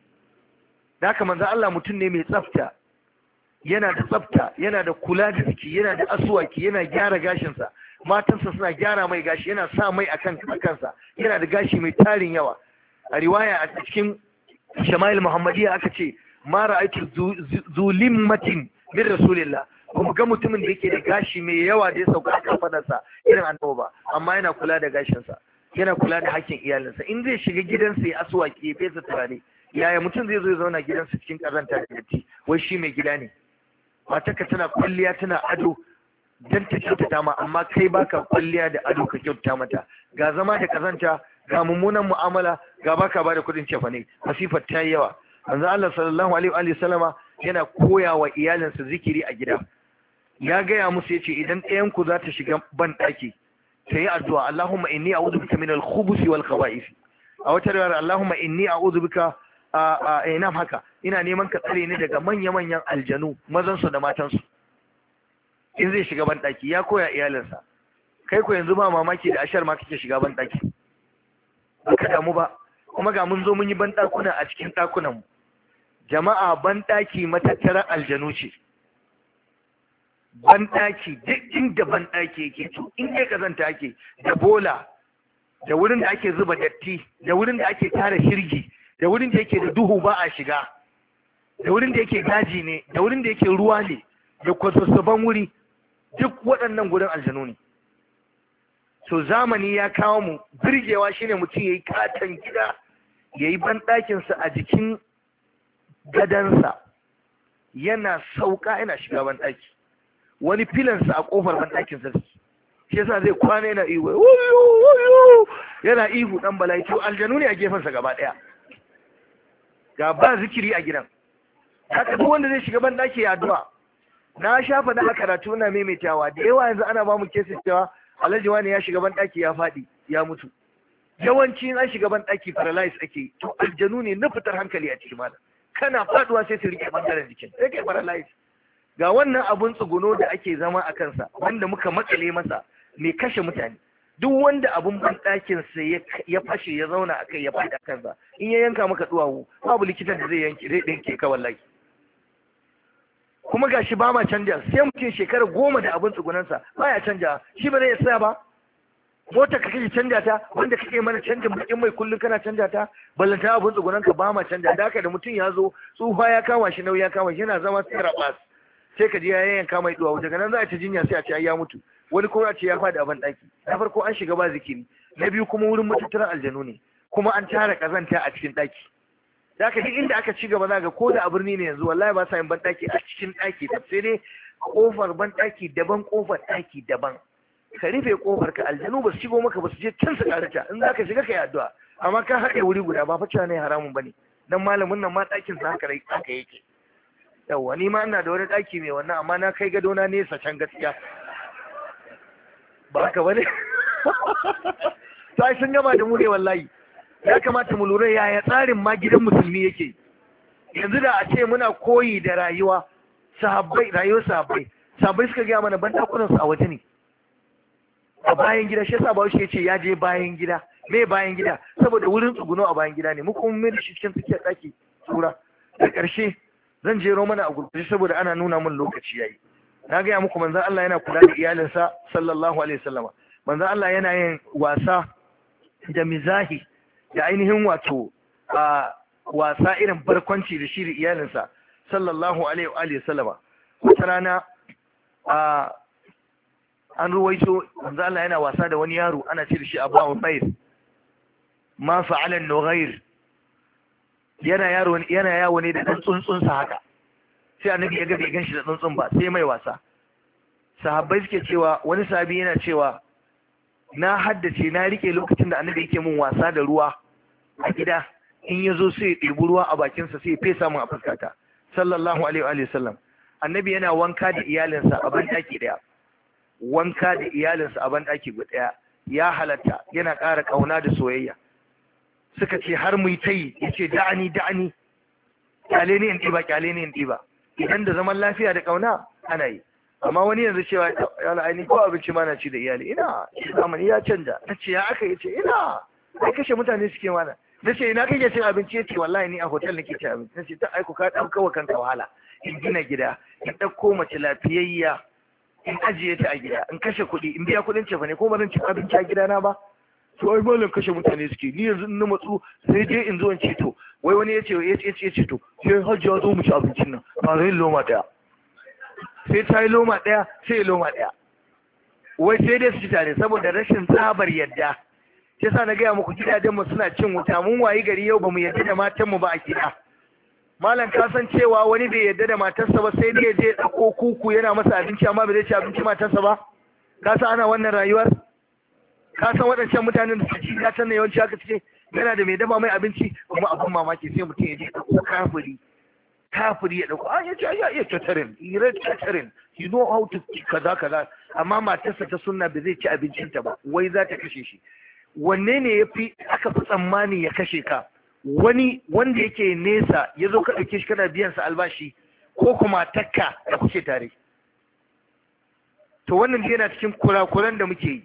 da haka manzo Allah mutum ne mai tsafta yana da tsafta yana da kula da jiki yana da asuwaki yana gyara gashinsa matansa suna gyara mai gashi yana sa mai akan kansa yana da gashi mai tarin yawa a riwaya a cikin shama'il muhammadiyya aka ce ma ra'aytu zulimmatin min rasulillah kuma ga mutumin da yake da gashi mai yawa da ya sauka a kafadarsa irin annabi ba amma yana kula da gashinsa yana kula da hakkin iyalinsa in zai shiga gidansa ya asuwaki ya fesa turare yaya mutum zai zo ya zauna gidansa cikin kazanta da datti wai shi mai gida ne matarka tana kwalliya tana ado dan ta kyautata ma amma kai baka kwalliya da ado ka kyautata mata ga zama da kazanta ga mummunan mu'amala ga baka bada kuɗin cefane masifar ta yi yawa manzo Allah sallallahu alaihi wa sallama yana koya wa iyalinsa zikiri a gida ya gaya musu ya ce, idan ɗayan ku za ta shiga ban ɗaki ta yi addu'a Allahumma inni a'udhu bika min al-khubuth wal khaba'ith a wata riwayar Allahumma inni a'udhu bika a ina haka ina neman ka tsare ni daga manya-manyan aljanu mazan su da matan su in zai shiga ban ɗaki ya koya iyalinsa kai ko yanzu ba mamaki da ashar ma kake shiga ban ɗaki ka damu ba kuma ga mun zo mun yi ban ɗakuna a cikin ɗakunan mu jama'a ban ɗaki matattarar aljanu ce banɗaki duk inda banɗaki yake to in dai kazanta ake da bola da wurin da ake zuba datti da wurin da ake tara shirgi da wurin da yake da duhu ba a shiga da wurin da yake daji ne da wurin da yake ruwa ne da kwasassaban wuri duk waɗannan gurin aljanu ne so zamani ya kawo mu birgewa shine mutum ya yi katon gida ya yi banɗakinsa a jikin gadansa yana sauka yana shiga banɗaki wani filansa a kofar bandakin sarki shi yasa zai kwana yana ihu wuyu wuyu yana ihu dan bala'i to aljanu ne a sa gaba daya ga ba zikiri a gidan haka duk wanda zai shiga bandaki ya addu'a na shafa da karatu na maimaitawa da yawa yanzu ana ba mu kesin cewa alhaji wani ya shiga bandaki ya fadi ya mutu yawanci an shiga bandaki paralyze ake to aljanu ne na fitar hankali a cikin malam kana faduwa sai su rike bangaren jikin sai kai paralyze ga wannan abun tsuguno da ake zama a kansa wanda muka matsale masa mai kashe mutane duk wanda abun ban ɗakin sa ya fashe ya zauna a kai ya faɗi kansa in ya yanka maka duwawu babu likitan da zai yanke zai dinke ka wallahi kuma gashi ba ma canja sai mutum shekara goma da abin tsugunansa baya canja shi ba zai ya tsaya ba motar ka kake canja ta wanda kake mana canja bakin mai kullum kana canja ta ballanta abin tsugunan ka ba ma canja da haka da mutum ya zo tsufa ya kama shi nauyi ya kama shi yana zama sai rabas sai ka je ya yanka mai duwawu daga nan za a ta jinya sai a ce ya mutu wani kuma ce ya faɗi a ban ɗaki na farko an shiga ba zikiri na biyu kuma wurin matattaran aljanu ne kuma an tara kazanta a cikin ɗaki da ka inda aka ci gaba za ga ko da a birni ne yanzu wallahi ba sa yin ban ɗaki a cikin ɗaki sai dai kofar ban ɗaki daban kofar ɗaki daban ka rufe kofar ka aljanu ba su shigo maka ba su je can su karata in za ka shiga ka yi addu'a amma ka haɗe wuri guda ba fa cewa ne haramun ne dan malamin nan ma ɗakin sa haka yake yawwa ni ma ina da wani ɗaki mai wannan amma na kai gado na nesa can gaskiya ba ka bane sai (laughs) sun gama da mu ne wallahi ya kamata mu lura yaya tsarin ma gidan musulmi yake yanzu da a ce muna koyi da rayuwa sahabbai rayuwar sahabbai sahabbai suka gaya mana bandakunan su a waje ne a bayan gida shi yasa ba ya ce ya je bayan gida me bayan gida saboda wurin tsuguno a bayan gida ne mu kuma mun da shi cikin tsakiyar ɗaki tsura da ƙarshe zan jero mana a gurguje saboda ana nuna mun lokaci yayi na gaya muku manzon Allah yana kula da iyalinsa sallallahu alaihi wasallama manzon Allah yana yin wasa da mizahi da ainihin wato a wasa irin barkwanci da shi da iyalinsa sallallahu alaihi wasallama wata rana a an ruwaito manzon Allah yana wasa da wani yaro ana ce da shi Abu Umayr ma fa'ala Nughair yana yaro yana yawo ne da dan tsuntsun sa haka sai annabi ya ga bai ganshi da tsuntsun ba sai mai wasa sahabbai suke cewa wani sahabi yana cewa na haddace na rike lokacin da annabi yake mun wasa da ruwa a gida in ya zo sai ya ɗebi ruwa a bakinsa sai ya fesa mun a fuskata sallallahu alaihi wa sallam annabi yana wanka da iyalinsa a banɗaki ɗaya wanka da iyalinsa a banɗaki ɗaya ya halatta yana ƙara ƙauna da soyayya suka ce har mu yi ta yi ya ce da'ani da'ani kyale ne in ɗiba kyale ne in ɗiba idan da zaman lafiya da ƙauna ana yi amma wani yanzu cewa yana aini ko abinci ma na ci da iyali ina zamani ya canja ta ce ya aka yi ce ina ai kashe mutane suke mana na ce ina kake cin abinci ya ce wallahi ni a hotel nake cin abinci na ce ta aiko ka ɗauka wa kanka wahala in gina gida in ɗauko mace lafiyayya in ajiye ta a gida in kashe kuɗi in biya kuɗin cefa ne ko ba zan ci abinci a gidana ba to ai malam kashe mutane suke ni yanzu na matsu sai dai in zo in ceto wai wani ya ce ya ceto sai hajji ya zo mu ci abincin nan ba zai loma daya sai ta yi loma daya sai loma daya wai sai dai su ci tare saboda rashin tsabar yadda sai sa na gaya muku mu suna cin wuta mun wayi gari yau ba mu yadda da matanmu ba a gida malam ka san cewa wani bai yadda da matarsa ba sai dai ya je ɗauko kuku yana masa abinci amma bai zai ci abinci matarsa ba ka san ana wannan rayuwar ka san waɗancan mutanen da suke ya san yawanci haka suke yana da mai dafa mai abinci kuma abin mamaki sai mutum ya je ko kafiri kafiri ya dauko ah ya ce ya iya catering he you know how to kaza kaza amma matarsa ta sunna ba zai ci abincin ta ba wai za ta kashe shi wanne ne ya fi aka fi tsammani ya kashe ka wani wanda yake nesa ya zo ka ɗauke shi kana biyan sa albashi ko kuma takka da kuke tare to wannan yana cikin kurakuran da muke yi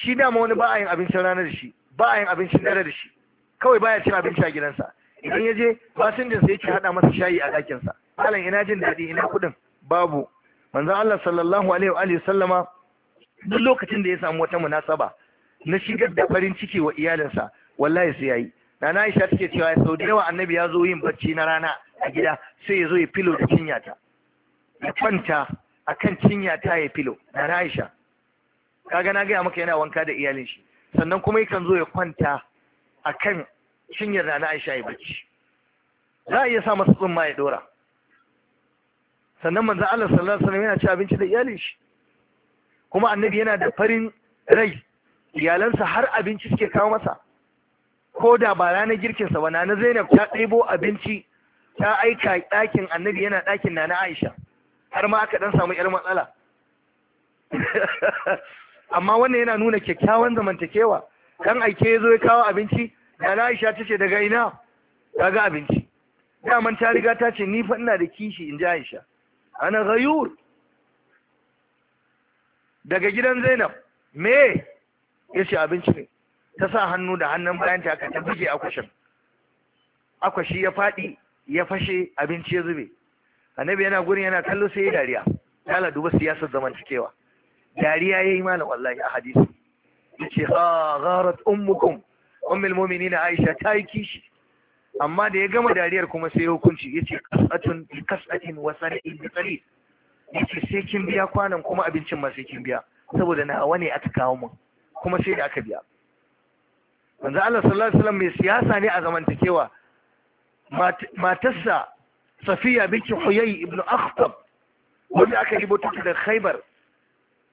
shi dama wani ba a yin abincin rana da shi ba a yin abincin dare da shi kawai baya cin abinci a gidansa idan ya je fasinjin sai yake hada masa shayi a ɗakinsa malam ina jin daɗi ina kuɗin babu manzon Allah sallallahu alaihi wa sallama duk lokacin da ya samu wata munasaba na shigar da farin ciki wa iyalinsa wallahi sai yayi nana Aisha take cewa sau da yawa annabi ya zo yin bacci na rana a gida sai ya zo ya filo da cinyata ya kwanta akan cinyata ya filo nana Aisha kaga na gaya maka yana wanka da iyalin shi sannan kuma yakan zo ya kwanta a kan cinyar na Aisha ya bacci za a iya sa masa ma ya dora sannan manzo Allah sallallahu alaihi wasallam yana ci abinci da iyalin shi kuma annabi yana da farin rai iyalansa har abinci suke kawo masa ko da ba ranar sa, ba na Zainab ta ɗebo abinci ta aika ɗakin annabi yana ɗakin nana Aisha har ma aka ɗan samu ‘yar matsala (laughs) amma wannan yana nuna kyakkyawan zamantakewa kan aike ya zo ya kawo abinci da Aisha ta ce daga ina ga abinci daman ta riga ta ce ni ina da kishi in ji Aisha ana ghayur daga gidan Zainab me ya ce abinci ne ta sa hannu da hannun bayan ta aka ta akwashin akwashi ya faɗi ya fashe abinci ya zube annabi yana gurin yana kallo sai ya dariya ta duba siyasar zamantakewa dariya ya yi malam wallahi a hadisi yace ha gharat ummukum ummul mu'minin Aisha ta yi kishi amma da ya gama dariyar kuma sai hukunci ya yace kasatun kasatin wa sar'in bi Ya ce sai kin biya kwanan kuma abincin ma sai kin biya saboda na hawa ne aka kawo mun kuma sai da aka biya manzo Allah sallallahu alaihi wasallam mai siyasa ne a zamantakewa matarsa Safiya binti Huyay ibn Akhtab wanda aka ribo ta da Khaybar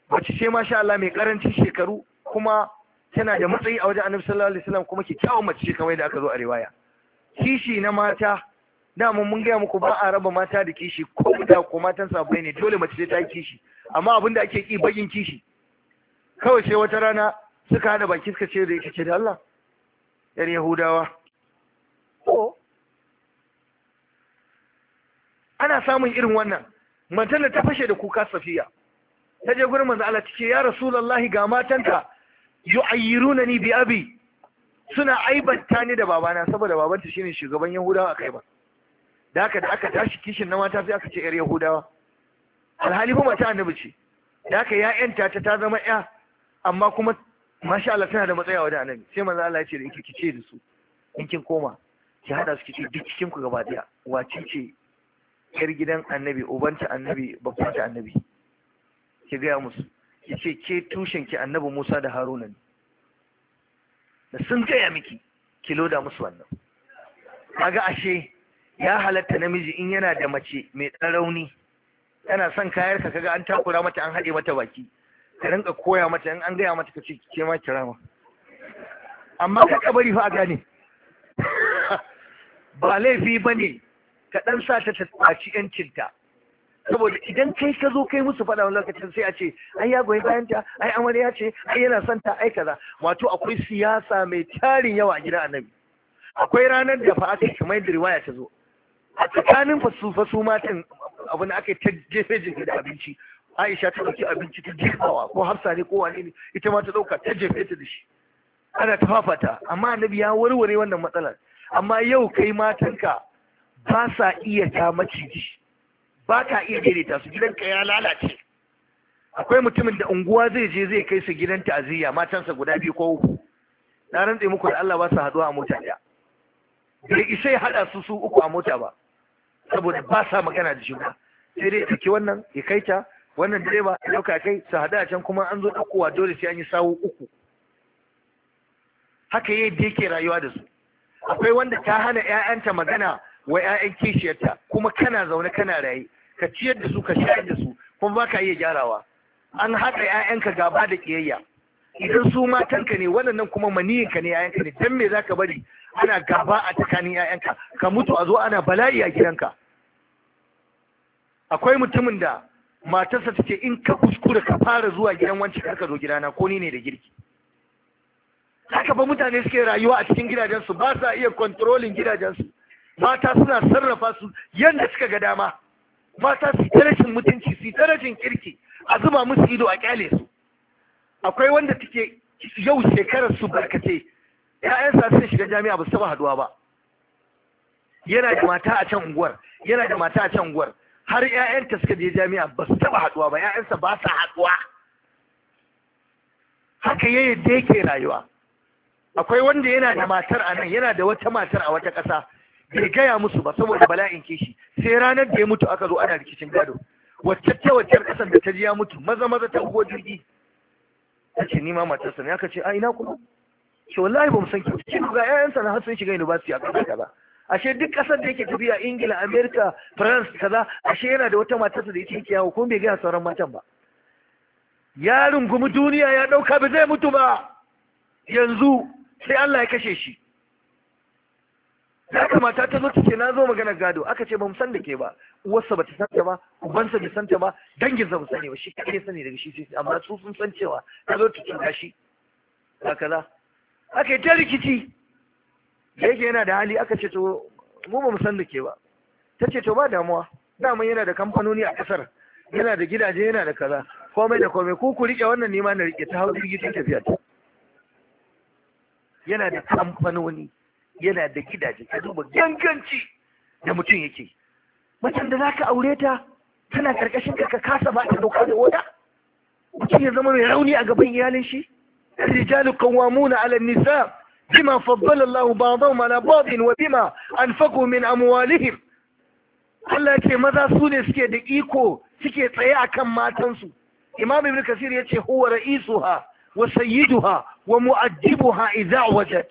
mace ce masha Allah mai karancin shekaru kuma tana da matsayi a wajen annabi sallallahu alaihi wasallam kuma kyakkyawan mace ce kamar yadda aka zo a riwaya kishi na mata dama mun gaya muku ba a raba mata da kishi ko da ko matan sabai ne dole mace ce ta kishi amma abin da ake ki bagin kishi kawai sai wata rana suka hada baki suka ce da yake ce da Allah yan yahudawa ko ana samun irin wannan matan da ta fashe da kuka safiya ta je gurin manzo Allah tace ya rasulullahi ga matanka yu'ayyirunani bi abi suna aibanta ni da babana saboda babanta shine shugaban yahudawa kai ba da haka da aka tashi kishin na mata sai aka ce yar yahudawa alhali kuma ta annabi ce da haka ya ta ta zama ya amma kuma masha Allah tana da matsayawa da annabi sai manzo Allah ya ce da ki ce da su in kin koma ki hada su kike duk cikin ku gaba daya wace ce yar gidan annabi ubanta annabi babbanta annabi ki gaya musu ki ce ke tushen ki annabi musa da haruna ne da sun gaya miki ki loda musu wannan kaga ashe ya halatta namiji in yana da mace mai tsarauni yana son kayar ka kaga an takura mata an haɗe mata baki ka rinka koya mata in an gaya mata ka ke ma kirama amma ka kabari fa gane (laughs) ba laifi ba ne ka dan sa ta tsaci ‘yancinta saboda idan kai ka zo kai musu faɗa wani lokacin sai a ce ai ya goyi bayanta ai amarya ce ai yana son ta ai kaza wato akwai siyasa mai tarin yawa a gidan annabi akwai ranar da fa aka kamar da riwaya ta zo a tsakanin fasu-fasu matan abu da aka yi ta jefe jefe da abinci aisha ta ɗauki abinci ta jefawa ko hafsa ne ko wani ne ita ma ta ɗauka ta jefe ta da shi ana ta fafata amma annabi ya warware wannan matsalar amma yau kai matanka ba sa iya ta maciji ba ka iya daidaita su gidanka ya lalace akwai mutumin da unguwa zai je zai kai su gidan ta'aziyya matansa guda biyu ko uku na rantse muku da Allah ba su haɗuwa a mota ɗaya bai isa ya haɗa su su uku a mota ba saboda ba sa magana da juna sai dai take wannan ya kai ta wannan direba ya ɗauka kai su haɗu a can kuma an zo ɗaukowa dole sai an yi sawu uku haka yadda yake rayuwa da su akwai wanda ta hana 'ya'yanta magana wa 'ya'yan kishiyarta kuma kana zaune kana raye ka ciyar da su ka shayar da su kuma ba ka iya gyarawa an haɗa 'ya'yanka gaba da ƙiyayya idan su matanka ne waɗannan kuma maniyinka ne 'ya'yanka ne dan me za ka bari ana gaba a tsakanin 'ya'yanka ka mutu a zo ana bala'i a gidanka akwai mutumin da matarsa take in ka kuskure ka fara zuwa gidan wancan karka zo gidana ko ni ne da girki haka ba mutane suke rayuwa a cikin gidajensu ba sa iya kontrolin gidajensu mata suna sarrafa su yadda suka ga dama mata su yi rashin mutunci su ta rashin kirki a zuba musu ido a kyale su akwai wanda take yau shekarar su barkace 'ya'yansa sun shiga jami'a ba su taba haduwa ba yana da mata a can unguwar yana da mata a can unguwar har 'ya'yanta suka je jami'a ba su taba haduwa ba 'ya'yansa ba sa haduwa haka yayin da yake rayuwa akwai wanda yana da matar a nan yana da wata matar a wata ƙasa bai gaya musu ba saboda bala'in kishi sai ranar da ya mutu aka zo ana rikicin gado wacce ce wacce kasan da ta ji ya mutu maza maza ta ugo jirgi ta ce ni ma matarsa ne aka ce a ina kuma ce wallahi ba mu san ki ce ga ƴaƴansa na har shiga university a ƙasar kaza ashe duk ƙasar da yake tafiya Ingila America France kaza ashe yana da wata matarsa da yake yawo ko bai gaya sauran matan ba ya rungumi duniya ya ɗauka ba zai mutu ba yanzu sai Allah ya kashe shi ya kamata ta zo ce na zo maganar gado aka ce ba mu san da ke ba uwarsa ba ta san ta ba ubansa bai san ta ba dangin sa sani ba shi kake sani daga shi sai amma su sun san cewa ta zo ta tuka shi ba kaza aka yi ta rikici da yake yana da hali aka ce to mu ba mu san da ke ba ta ce to ba damuwa daman yana da kamfanoni a kasar yana da gidaje yana da kaza komai da komai ku ku rike wannan nima na rike ta hau jirgi ta tafiya yana da kamfanoni yana da gidaje ka duba ganganci da mutum yake macen da zaka aure ta tana karkashin ka ka kasa ba ta doka da mutum ya zama mai rauni a gaban iyalin shi الرجال قوامون على النساء بما فضل الله بعضهم على بعض وبما أنفقوا من أموالهم Allah ce maza su ne suke da iko suke tsaye akan matansu Imam Ibn Kasir yace huwa ra'isuha wa sayyiduha wa mu'addibuha a wajad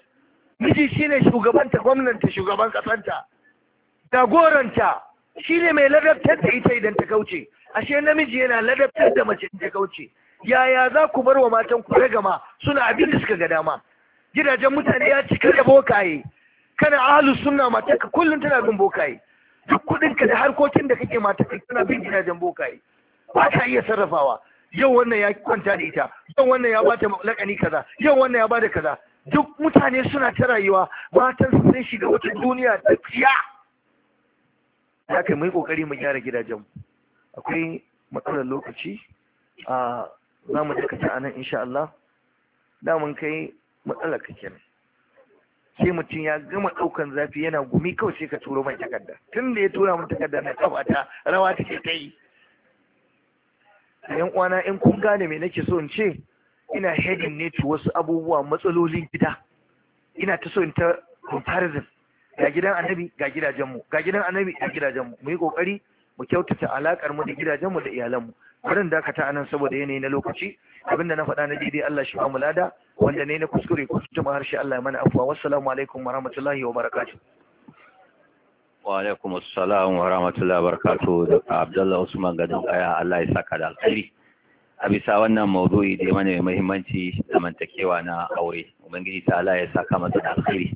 miji shine shugabanta gwamnanta shugaban kasanta jagoranta shine mai ladabtar da ita idan ta kauce ashe namiji yana ladabtar da mace ta kauce yaya za ku bar wa matan ku ragama suna abin da suka ga dama gidajen mutane ya cika da bokaye kana ahlus sunna ka kullum tana bin bokaye duk kudin ka da harkokin da kake ka tana bin gidajen bokaye ba ta iya sarrafawa yau wannan ya kwanta da ita yau wannan ya bata lakani kaza yau wannan ya bada kaza duk mutane suna ta rayuwa matan su sun shiga wata duniya ta tsiya ya kai mai kokari mu gyara gidajen akwai matsalar lokaci a za mu dakata a nan insha Allah Da mun kai matsalar kake ne. sai mutum ya gama ɗaukan zafi yana gumi kawai sai ka turo mai takarda tun da ya tura min takarda na kafa rawa take kai. yan uwana in kun gane me nake so in ce ina hedin ne to wasu abubuwa matsalolin gida ina ta so in ta comparison ga gidan annabi ga gidajenmu ga gidan annabi ga gidajenmu mu yi kokari mu kyautata alakar mu da gidajenmu da iyalanmu barin dakata anan saboda yanayi na lokaci abinda na faɗa na daidai Allah shi mu lada wanda ne na kuskure ko jama'a harshe Allah ya mana afwa wassalamu alaikum wa wabarakatuh wa barakatuh wa alaikum assalam wa rahmatullahi wa barakatuh da Abdullahi Usman gadin aya Allah ya saka da alkhairi a bisa wannan maudu'i da mana mai muhimmanci zamantakewa na aure ubangiji ta Allah ya saka masa da alkhairi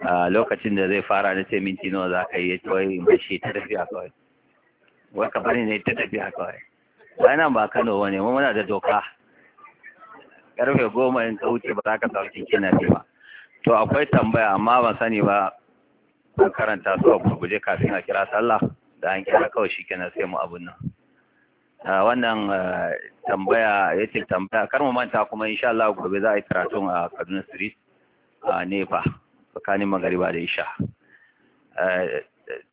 a lokacin da zai fara na ce minti nawa za ka yi ya ce in bashi ta a kawai wai ka bari ne ta tafi a kawai bayan ba Kano bane mu muna da doka karfe goma in ka wuce ba za ka sauke kina ba to akwai tambaya amma ban sani ba an karanta su a gurguje kafin a kira sallah da an kira kawai shi kenan sai mu abun nan Ah, wannan ah, tambaya ya ce tambaya kar mu manta kuma insha Allah gobe za a yi karatun a Kaduna Street a ah, Nefa tsakanin magariba da isha